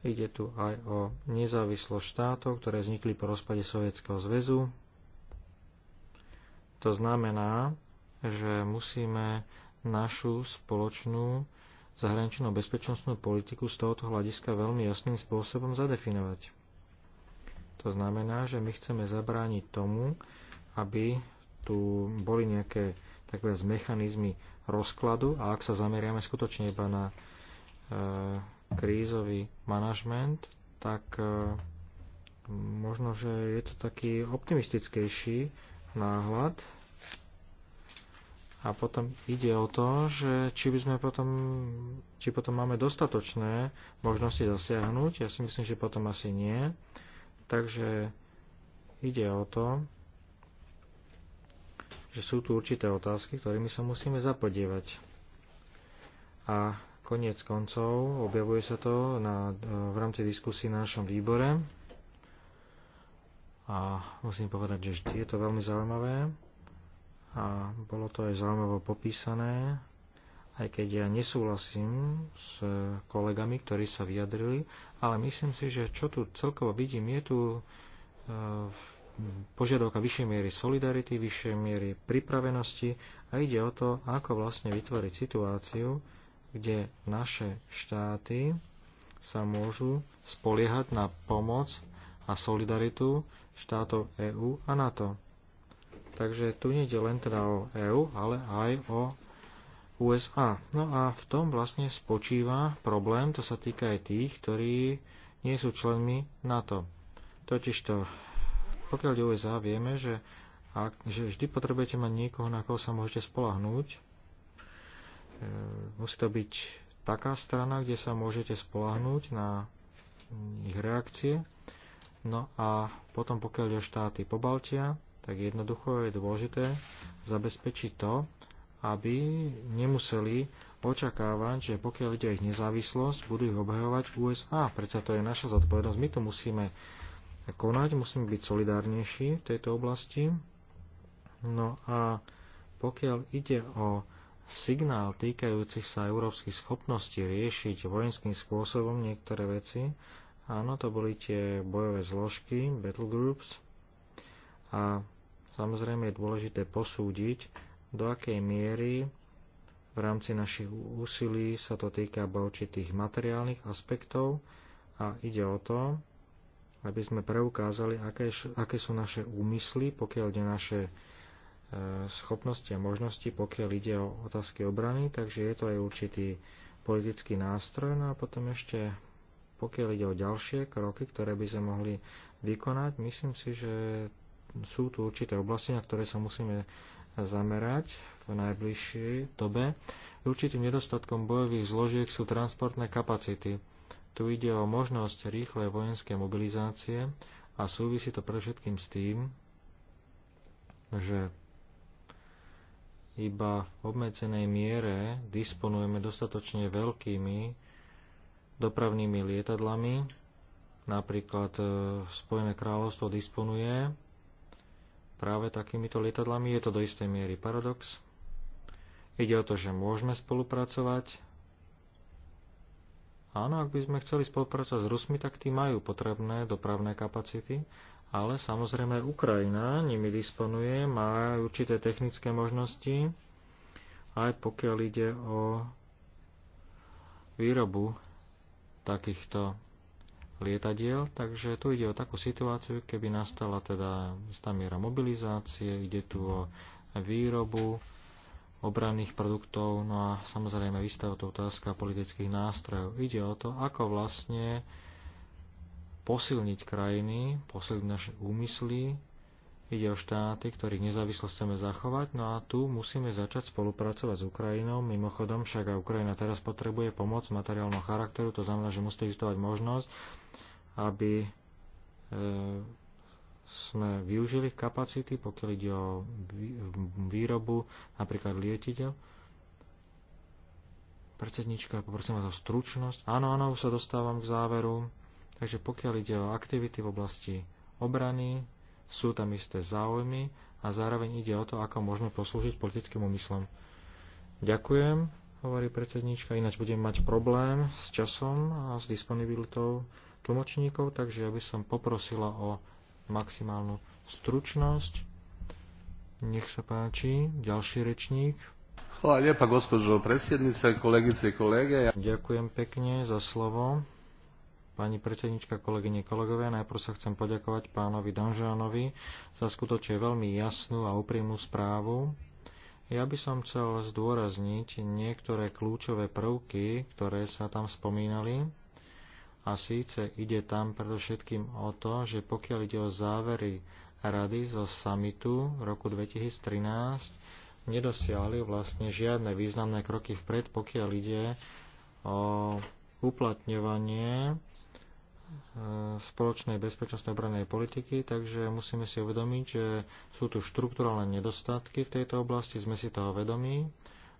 ide tu aj o nezávislosť štátov, ktoré vznikli po rozpade Sovietskeho zväzu. To znamená, že musíme našu spoločnú zahraničnú bezpečnostnú politiku z tohoto hľadiska veľmi jasným spôsobom zadefinovať. To znamená, že my chceme zabrániť tomu, aby tu boli nejaké takové mechanizmy rozkladu a ak sa zameriame skutočne iba na e, krízový manažment, tak e, možno, že je to taký optimistickejší náhľad. A potom ide o to, že či by sme potom, či potom máme dostatočné možnosti zasiahnuť. Ja si myslím, že potom asi nie. Takže ide o to, že sú tu určité otázky, ktorými sa musíme zapodievať. A koniec koncov objavuje sa to na, v rámci diskusí na našom výbore. A musím povedať, že vždy je to veľmi zaujímavé. A bolo to aj zaujímavo popísané aj keď ja nesúhlasím s kolegami, ktorí sa vyjadrili, ale myslím si, že čo tu celkovo vidím, je tu e, požiadavka vyššej miery solidarity, vyššej miery pripravenosti a ide o to, ako vlastne vytvoriť situáciu, kde naše štáty sa môžu spoliehať na pomoc a solidaritu štátov EÚ a NATO. Takže tu nie je len teda o EÚ, ale aj o USA. No a v tom vlastne spočíva problém, to sa týka aj tých, ktorí nie sú členmi NATO. Totižto, pokiaľ je USA, vieme, že, ak, že vždy potrebujete mať niekoho, na koho sa môžete spolahnúť. E, musí to byť taká strana, kde sa môžete spolahnúť na ich reakcie. No a potom pokiaľ je štáty Pobaltia, tak jednoducho je dôležité zabezpečiť to, aby nemuseli očakávať, že pokiaľ ide o ich nezávislosť, budú ich obhajovať USA. Predsa to je naša zodpovednosť. My to musíme konať, musíme byť solidárnejší v tejto oblasti. No a pokiaľ ide o signál týkajúcich sa európskych schopností riešiť vojenským spôsobom niektoré veci, áno, to boli tie bojové zložky, battle groups, a samozrejme je dôležité posúdiť, do akej miery v rámci našich úsilí sa to týka určitých materiálnych aspektov a ide o to, aby sme preukázali, aké, aké sú naše úmysly, pokiaľ ide naše e, schopnosti a možnosti, pokiaľ ide o otázky obrany, takže je to aj určitý politický nástroj. No a potom ešte, pokiaľ ide o ďalšie kroky, ktoré by sme mohli vykonať, myslím si, že sú tu určité oblasti, na ktoré sa musíme zamerať v najbližšej dobe. Určitým nedostatkom bojových zložiek sú transportné kapacity. Tu ide o možnosť rýchlej vojenskej mobilizácie a súvisí to predovšetkým s tým, že iba v obmedzenej miere disponujeme dostatočne veľkými dopravnými lietadlami. Napríklad e, Spojené kráľovstvo disponuje práve takýmito lietadlami. Je to do istej miery paradox. Ide o to, že môžeme spolupracovať. Áno, ak by sme chceli spolupracovať s Rusmi, tak tí majú potrebné dopravné kapacity, ale samozrejme Ukrajina nimi disponuje, má určité technické možnosti, aj pokiaľ ide o výrobu takýchto lietadiel, takže tu ide o takú situáciu, keby nastala teda istá miera mobilizácie, ide tu o výrobu obranných produktov, no a samozrejme vystáva to otázka politických nástrojov. Ide o to, ako vlastne posilniť krajiny, posilniť naše úmysly Ide o štáty, ktorých nezávislosť chceme zachovať, no a tu musíme začať spolupracovať s Ukrajinou. Mimochodom však aj Ukrajina teraz potrebuje pomoc materiálneho charakteru, to znamená, že musí existovať možnosť, aby e, sme využili kapacity, pokiaľ ide o výrobu napríklad lietidel. Predsednička, poprosím vás o stručnosť. Áno, áno, už sa dostávam k záveru. Takže pokiaľ ide o aktivity v oblasti obrany, sú tam isté záujmy a zároveň ide o to, ako môžeme poslúžiť politickým úmyslom. Ďakujem, hovorí predsednička, ináč budem mať problém s časom a s disponibilitou tlmočníkov, takže ja by som poprosila o maximálnu stručnosť. Nech sa páči, ďalší rečník. Hvala lijepa, gospođo predsjednice, kolegice i kolege. Ďakujem pekne za slovo. Pani predsednička, kolegyne, kolegovia, najprv sa chcem poďakovať pánovi Danžánovi za skutočne veľmi jasnú a úprimnú správu. Ja by som chcel zdôrazniť niektoré kľúčové prvky, ktoré sa tam spomínali. A síce ide tam predovšetkým o to, že pokiaľ ide o závery rady zo samitu roku 2013, nedosiahli vlastne žiadne významné kroky vpred, pokiaľ ide o uplatňovanie E, spoločnej bezpečnostnej obranej politiky, takže musíme si uvedomiť, že sú tu štruktúralne nedostatky v tejto oblasti, sme si toho vedomí.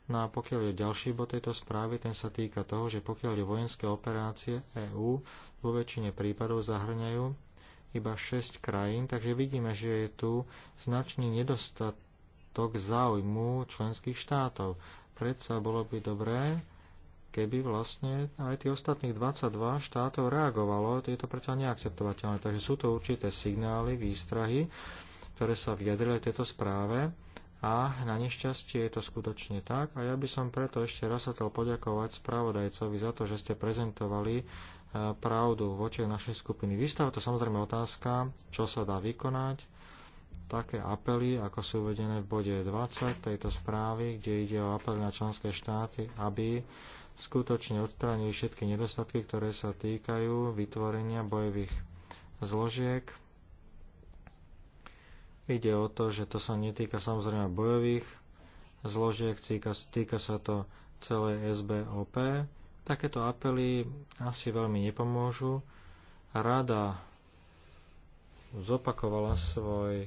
No a pokiaľ je ďalší bod tejto správy, ten sa týka toho, že pokiaľ je vojenské operácie EÚ vo väčšine prípadov zahrňajú iba 6 krajín, takže vidíme, že je tu značný nedostatok záujmu členských štátov. Predsa bolo by dobré, keby vlastne aj tých ostatných 22 štátov reagovalo, je to predsa neakceptovateľné. Takže sú to určité signály, výstrahy, ktoré sa vyjadrili v tejto správe a na nešťastie je to skutočne tak a ja by som preto ešte raz sa chcel poďakovať spravodajcovi za to, že ste prezentovali e, pravdu voči našej skupiny. Výstav to samozrejme otázka, čo sa dá vykonať, také apely, ako sú uvedené v bode 20 tejto správy, kde ide o apel na členské štáty, aby skutočne odstránili všetky nedostatky, ktoré sa týkajú vytvorenia bojových zložiek. Ide o to, že to sa netýka samozrejme bojových zložiek, týka, týka sa to celej SBOP. Takéto apely asi veľmi nepomôžu. Rada zopakovala svoj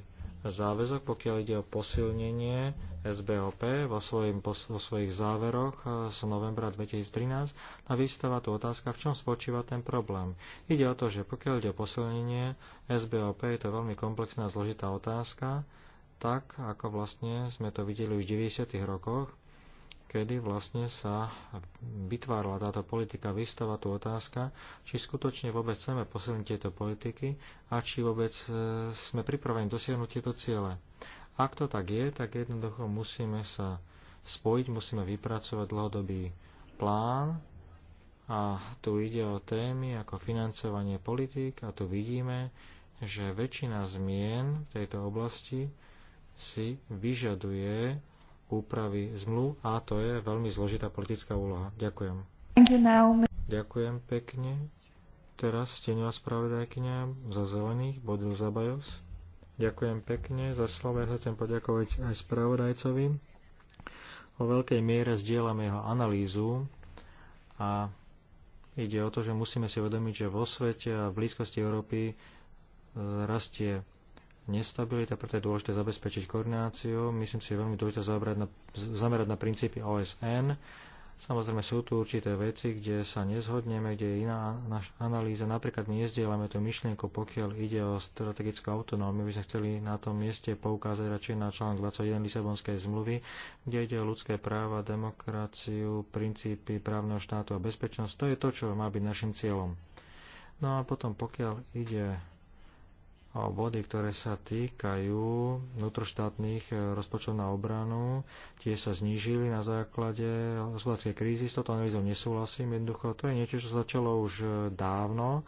záväzok, pokiaľ ide o posilnenie SBOP vo, svojim, vo svojich záveroch eh, z novembra 2013 a vystáva tu otázka, v čom spočíva ten problém. Ide o to, že pokiaľ ide o posilnenie SBOP, je to veľmi komplexná a zložitá otázka, tak ako vlastne sme to videli už v 90. rokoch, kedy vlastne sa vytvárala táto politika, vystáva tu otázka, či skutočne vôbec chceme posilniť tieto politiky a či vôbec e, sme pripravení dosiahnuť tieto ciele. Ak to tak je, tak jednoducho musíme sa spojiť, musíme vypracovať dlhodobý plán a tu ide o témy ako financovanie politík a tu vidíme, že väčšina zmien v tejto oblasti si vyžaduje úpravy zmluv a to je veľmi zložitá politická úloha. Ďakujem. Ďakujem pekne. Teraz steňová spravodajkynia za zelených, Bodil Zabajos. Ďakujem pekne za slovo. Ja chcem poďakovať aj spravodajcovi. O veľkej miere zdieľam jeho analýzu a ide o to, že musíme si uvedomiť, že vo svete a v blízkosti Európy e, rastie nestabilita, preto je dôležité zabezpečiť koordináciu. Myslím si, že je veľmi dôležité zamerať na, zamerať na princípy OSN. Samozrejme sú tu určité veci, kde sa nezhodneme, kde je iná naša analýza. Napríklad my nezdielame tú myšlienku, pokiaľ ide o strategickú autonómiu. My by sme chceli na tom mieste poukázať radšej na článok 21 Lisabonskej zmluvy, kde ide o ľudské práva, demokraciu, princípy právneho štátu a bezpečnosť. To je to, čo má byť našim cieľom. No a potom, pokiaľ ide body, ktoré sa týkajú vnútroštátnych e, rozpočtov na obranu. Tie sa znížili na základe hospodárskej krízy. S touto analýzou nesúhlasím. Jednoducho to je niečo, čo začalo už e, dávno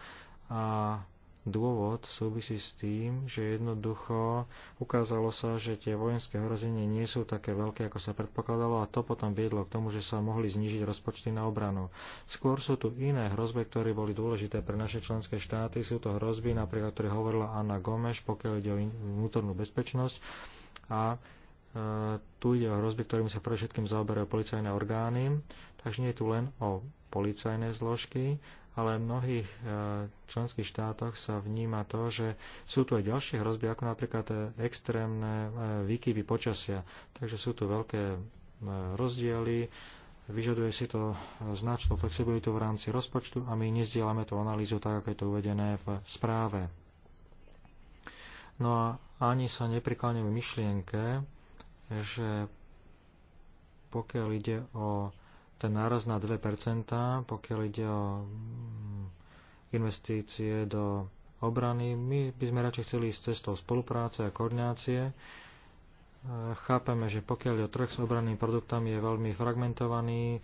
a Dôvod súvisí s tým, že jednoducho ukázalo sa, že tie vojenské hrozenie nie sú také veľké, ako sa predpokladalo a to potom viedlo k tomu, že sa mohli znížiť rozpočty na obranu. Skôr sú tu iné hrozby, ktoré boli dôležité pre naše členské štáty. Sú to hrozby, napríklad, ktoré hovorila Anna Gomeš, pokiaľ ide o vnútornú bezpečnosť a e, tu ide o hrozby, ktorými sa predovšetkým zaoberajú policajné orgány, takže nie je tu len o policajné zložky, ale v mnohých e, členských štátoch sa vníma to, že sú tu aj ďalšie hrozby, ako napríklad e, extrémne e, výkyvy počasia. Takže sú tu veľké rozdiely, vyžaduje si to značnú flexibilitu v rámci rozpočtu a my nezdielame tú analýzu tak, ako je to uvedené v správe. No a ani sa neprikláňujem myšlienke, že pokiaľ ide o ten náraz na 2%, pokiaľ ide o mm, investície do obrany. My by sme radšej chceli ísť cestou spolupráce a koordinácie. E, chápeme, že pokiaľ je trh s obranným produktom je veľmi fragmentovaný,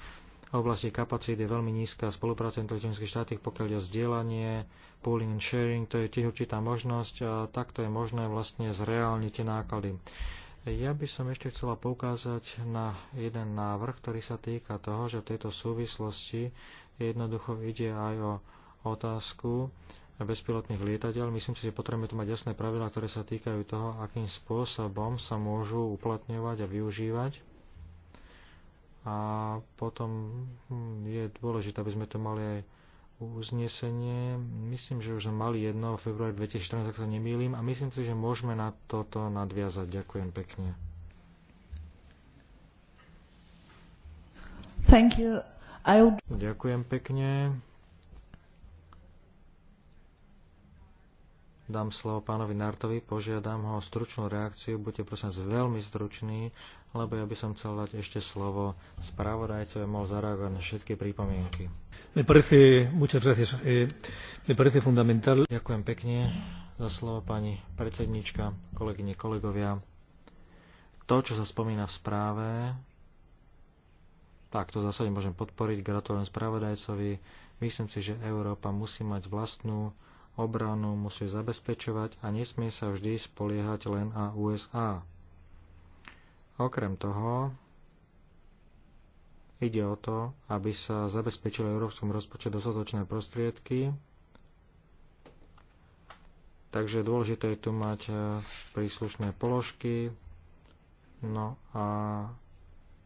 v oblasti kapacít je veľmi nízka spolupráca intelektuálnych štátoch, pokiaľ je zdieľanie, pooling and sharing, to je tiež určitá možnosť a takto je možné vlastne zreálniť tie náklady. Ja by som ešte chcela poukázať na jeden návrh, ktorý sa týka toho, že v tejto súvislosti jednoducho ide aj o otázku bezpilotných lietadiel. Myslím si, že potrebujeme tu mať jasné pravidlá, ktoré sa týkajú toho, akým spôsobom sa môžu uplatňovať a využívať. A potom hm, je dôležité, aby sme to mali aj uznesenie. Myslím, že už sme mali jedno v februári 2014, ak sa nemýlim, a myslím si, že môžeme na toto nadviazať. Ďakujem pekne.
Thank you. I'll...
Ďakujem pekne. dám slovo pánovi Nartovi, požiadam ho o stručnú reakciu, buďte prosím veľmi struční, lebo ja by som chcel dať ešte slovo spravodajcovi, mohol zareagovať na všetky pripomienky. Eh, Ďakujem pekne za slovo pani predsednička, kolegyne, kolegovia. To, čo sa spomína v správe, tak to zásade môžem podporiť, gratulujem spravodajcovi. Myslím si, že Európa musí mať vlastnú obranu musí zabezpečovať a nesmie sa vždy spoliehať len na USA. Okrem toho ide o to, aby sa zabezpečili európskom rozpočet dostatočné prostriedky, takže dôležité je tu mať eh, príslušné položky, no a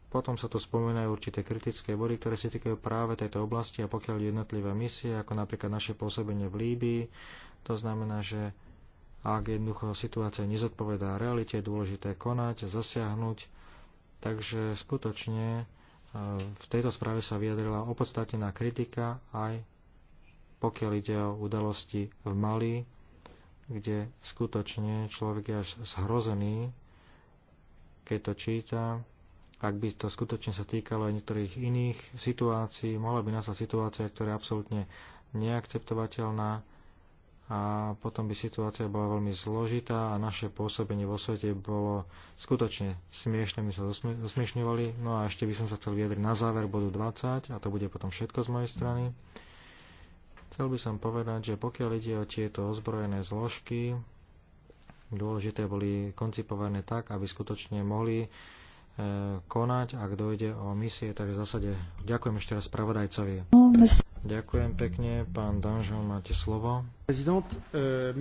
potom sa tu spomínajú určité kritické body, ktoré sa týkajú práve tejto oblasti a pokiaľ jednotlivé misie, ako napríklad naše pôsobenie v Líbii, to znamená, že ak jednoducho situácia nezodpovedá realite, je dôležité konať, zasiahnuť. Takže skutočne e, v tejto správe sa vyjadrila opodstatnená kritika aj pokiaľ ide o udalosti v Mali, kde skutočne človek je až zhrozený, keď to číta, ak by to skutočne sa týkalo aj niektorých iných situácií, mohla by nastať situácia, ktorá je absolútne neakceptovateľná a potom by situácia bola veľmi zložitá a naše pôsobenie vo svete bolo skutočne smiešne, my sa zosmiešňovali. No a ešte by som sa chcel vyjadriť na záver bodu 20 a to bude potom všetko z mojej strany. Chcel by som povedať, že pokiaľ ide o tieto ozbrojené zložky, dôležité boli koncipované tak, aby skutočne mohli konať, ak dojde o misie. Takže v zásade ďakujem ešte raz spravodajcovi. Ďakujem pekne, pán Danžel, máte slovo. Eh, eh,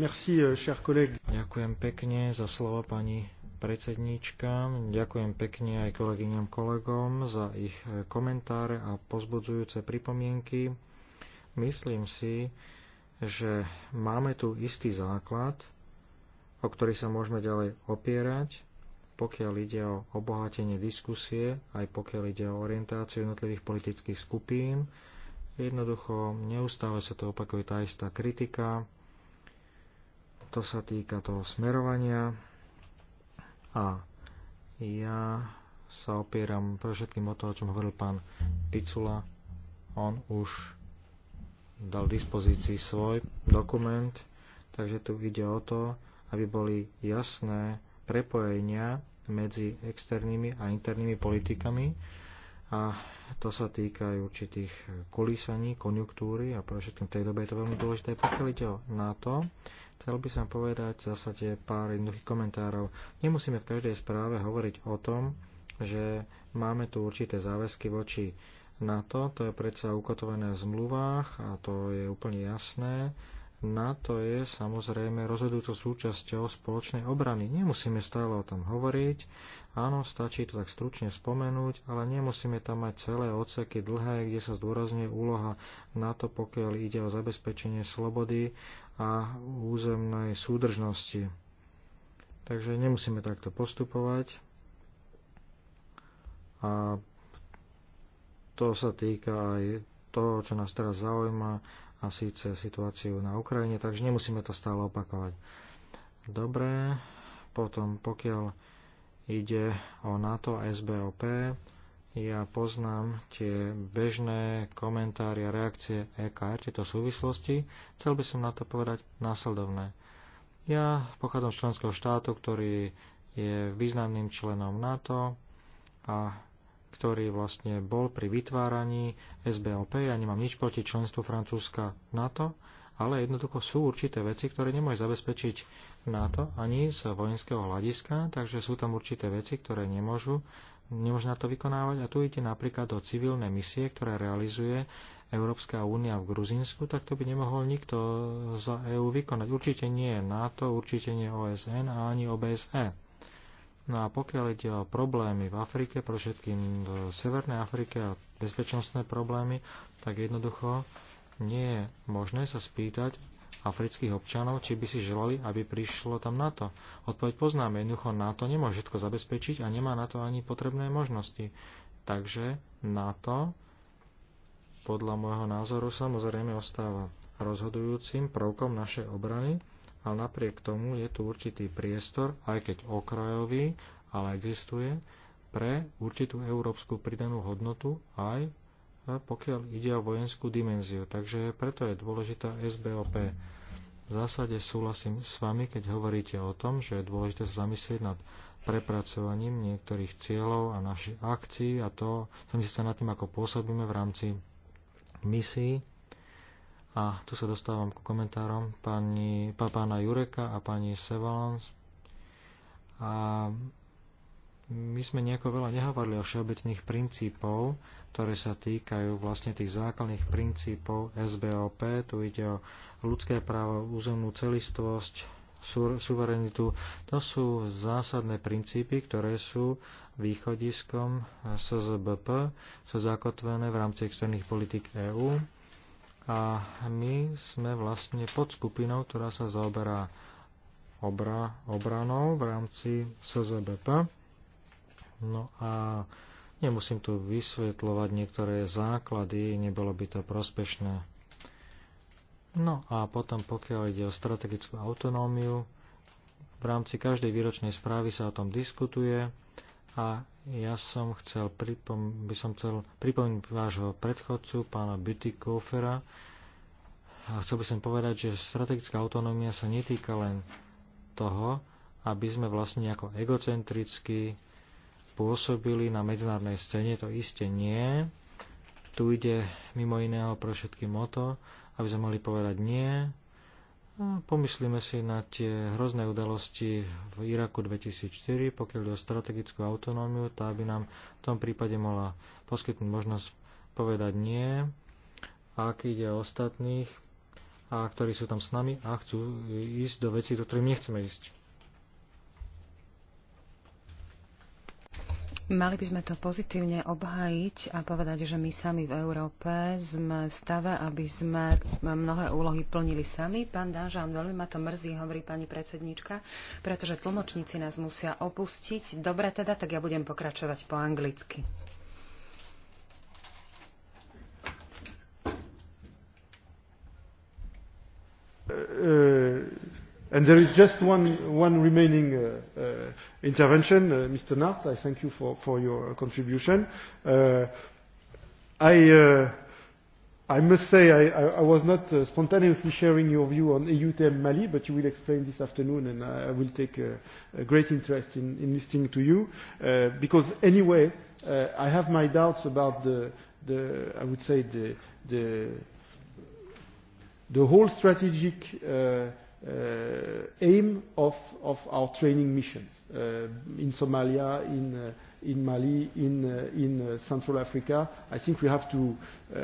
ďakujem pekne za slovo pani predsedníčka, ďakujem pekne aj kolegyňam kolegom za ich eh, komentáre a pozbudzujúce pripomienky. Myslím si, že máme tu istý základ, o ktorý sa môžeme ďalej opierať pokiaľ ide o obohatenie diskusie, aj pokiaľ ide o orientáciu jednotlivých politických skupín. Jednoducho neustále sa to opakuje tá istá kritika, to sa týka toho smerovania a ja sa opieram pre všetkým o to, o čom hovoril pán Picula. On už dal dispozícii svoj dokument, takže tu ide o to, aby boli jasné prepojenia medzi externými a internými politikami a to sa týka aj určitých kolísaní, konjunktúry a pre všetkým v tej dobe je to veľmi dôležité. Pokiaľ na to, chcel by som povedať v zásade pár jednoduchých komentárov. Nemusíme v každej správe hovoriť o tom, že máme tu určité záväzky voči NATO, to je predsa ukotované v zmluvách a to je úplne jasné NATO je samozrejme rozhodujúcou súčasťou spoločnej obrany. Nemusíme stále o tom hovoriť, áno, stačí to tak stručne spomenúť, ale nemusíme tam mať celé odseky dlhé, kde sa zdôrazňuje úloha NATO, pokiaľ ide o zabezpečenie slobody a územnej súdržnosti. Takže nemusíme takto postupovať. A to sa týka aj toho, čo nás teraz zaujíma, a síce situáciu na Ukrajine, takže nemusíme to stále opakovať. Dobre, potom pokiaľ ide o NATO a SBOP, ja poznám tie bežné komentári a reakcie EKR, tieto súvislosti. Chcel by som na to povedať následovné. Ja pochádzam z členského štátu, ktorý je významným členom NATO a ktorý vlastne bol pri vytváraní SBOP. Ja nemám nič proti členstvu Francúzska NATO, ale jednoducho sú určité veci, ktoré nemôže zabezpečiť NATO ani z vojenského hľadiska, takže sú tam určité veci, ktoré nemôžu nemôže na to vykonávať. A tu ide napríklad o civilné misie, ktoré realizuje Európska únia v Gruzinsku, tak to by nemohol nikto za EÚ vykonať. Určite nie NATO, určite nie OSN a ani OBSE. No a pokiaľ ide o problémy v Afrike, pre všetkým v Severnej Afrike a bezpečnostné problémy, tak jednoducho nie je možné sa spýtať afrických občanov, či by si želali, aby prišlo tam NATO. Odpoveď poznáme, jednoducho NATO nemôže všetko zabezpečiť a nemá na to ani potrebné možnosti. Takže NATO podľa môjho názoru samozrejme ostáva rozhodujúcim prvkom našej obrany ale napriek tomu je tu určitý priestor, aj keď okrajový, ale existuje, pre určitú európsku pridanú hodnotu aj e, pokiaľ ide o vojenskú dimenziu. Takže preto je dôležitá SBOP. V zásade súhlasím s vami, keď hovoríte o tom, že je dôležité sa zamyslieť nad prepracovaním niektorých cieľov a našich akcií a to si sa nad tým, ako pôsobíme v rámci misií a tu sa dostávam ku komentárom pani, pá, pána Jureka a pani Sevalons. A my sme nejako veľa nehovorili o všeobecných princípov, ktoré sa týkajú vlastne tých základných princípov SBOP. Tu ide o ľudské právo, územnú celistvosť, suverenitu. To sú zásadné princípy, ktoré sú východiskom SZBP, sú zakotvené v rámci externých politik EÚ a my sme vlastne pod skupinou, ktorá sa zaoberá obra, obranou v rámci SZBP. No a nemusím tu vysvetľovať niektoré základy, nebolo by to prospešné. No a potom pokiaľ ide o strategickú autonómiu, v rámci každej výročnej správy sa o tom diskutuje a ja som chcel pripom- by som chcel pripomínať vášho predchodcu, pána Bitty Kofera. A chcel by som povedať, že strategická autonómia sa netýka len toho, aby sme vlastne ako egocentricky pôsobili na medzinárodnej scéne, to iste nie. Tu ide mimo iného pre všetky moto, aby sme mohli povedať nie Pomyslíme si na tie hrozné udalosti v Iraku 2004, pokiaľ ide o strategickú autonómiu, tá by nám v tom prípade mohla poskytnúť možnosť povedať nie, ak ide o ostatných, a ktorí sú tam s nami a chcú ísť do vecí, do ktorých nechceme ísť.
Mali by sme to pozitívne obhájiť a povedať, že my sami v Európe sme v stave, aby sme mnohé úlohy plnili sami. Pán Dážan, veľmi ma to mrzí, hovorí pani predsedníčka, pretože tlmočníci nás musia opustiť. Dobre teda, tak ja budem pokračovať po anglicky.
Uh, uh And there is just one, one remaining uh, uh, intervention. Uh, Mr. Nart, I thank you for, for your contribution. Uh, I, uh, I must say I, I, I was not uh, spontaneously sharing your view on EUTM Mali, but you will explain this afternoon, and I, I will take a, a great interest in, in listening to you, uh, because anyway, uh, I have my doubts about the, the I would say, the, the, the whole strategic uh, uh, aim of, of our training missions uh, in Somalia, in, uh, in Mali, in, uh, in uh, Central Africa. I think we have to, uh,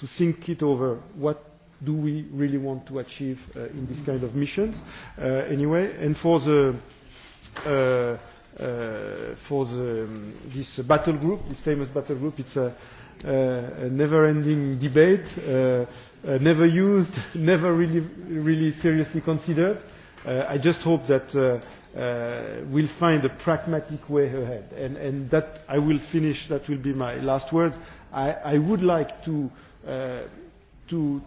to think it over. What do we really want to achieve uh, in this kind of missions? Uh, anyway, and for the uh, uh, for the, um, this battle group, this famous battle group, it's a uh, a never-ending debate, uh, uh, never used, never really, really seriously considered. Uh, I just hope that uh, uh, we'll find a pragmatic way ahead. And, and that I will finish, that will be my last word. I, I would like to, uh, to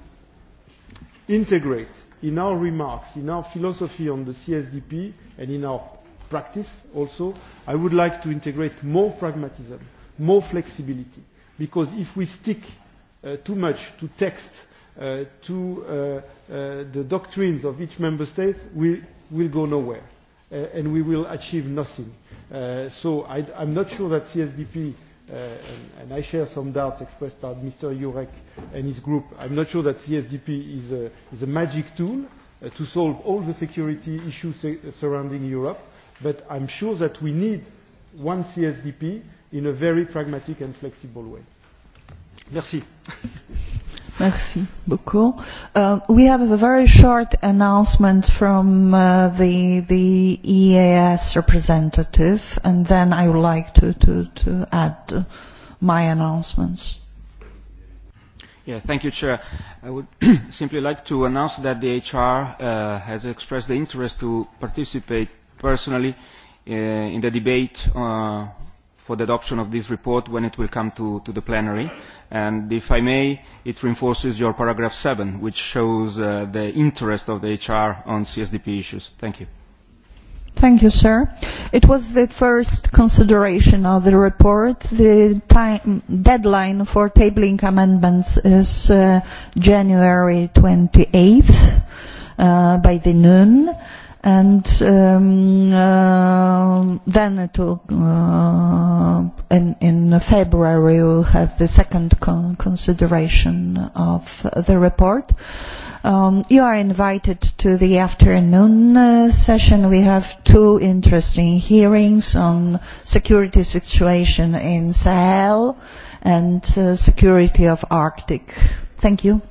integrate in our remarks, in our philosophy on the CSDP and in our practice also, I would like to integrate more pragmatism, more flexibility because if we stick uh, too much to text, uh, to uh, uh, the doctrines of each member state, we will go nowhere uh, and we will achieve nothing. Uh, so I, I'm not sure that CSDP, uh, and, and I share some doubts expressed by Mr. Jurek and his group, I'm not sure that CSDP is a, is a magic tool uh, to solve all the security issues surrounding Europe, but I'm sure that we need one CSDP in a very pragmatic and flexible way. Merci.
Merci beaucoup. Uh, we have a very short announcement from uh, the, the EAS representative, and then I would like to, to, to add my announcements.
Yeah, thank you, Chair. I would simply like to announce that the HR uh, has expressed the interest to participate personally uh, in the debate uh, for the adoption of this report when it will come to, to the plenary. And if I may, it reinforces your paragraph 7, which shows uh, the interest of the HR on CSDP issues. Thank you.
Thank you, sir. It was the first consideration of the report. The time, deadline for tabling amendments is uh, January 28th uh, by the noon and um, uh, then it will, uh, in, in February we will have the second con- consideration of the report. Um, you are invited to the afternoon uh, session. We have two interesting hearings on security situation in Sahel and uh, security of Arctic. Thank you.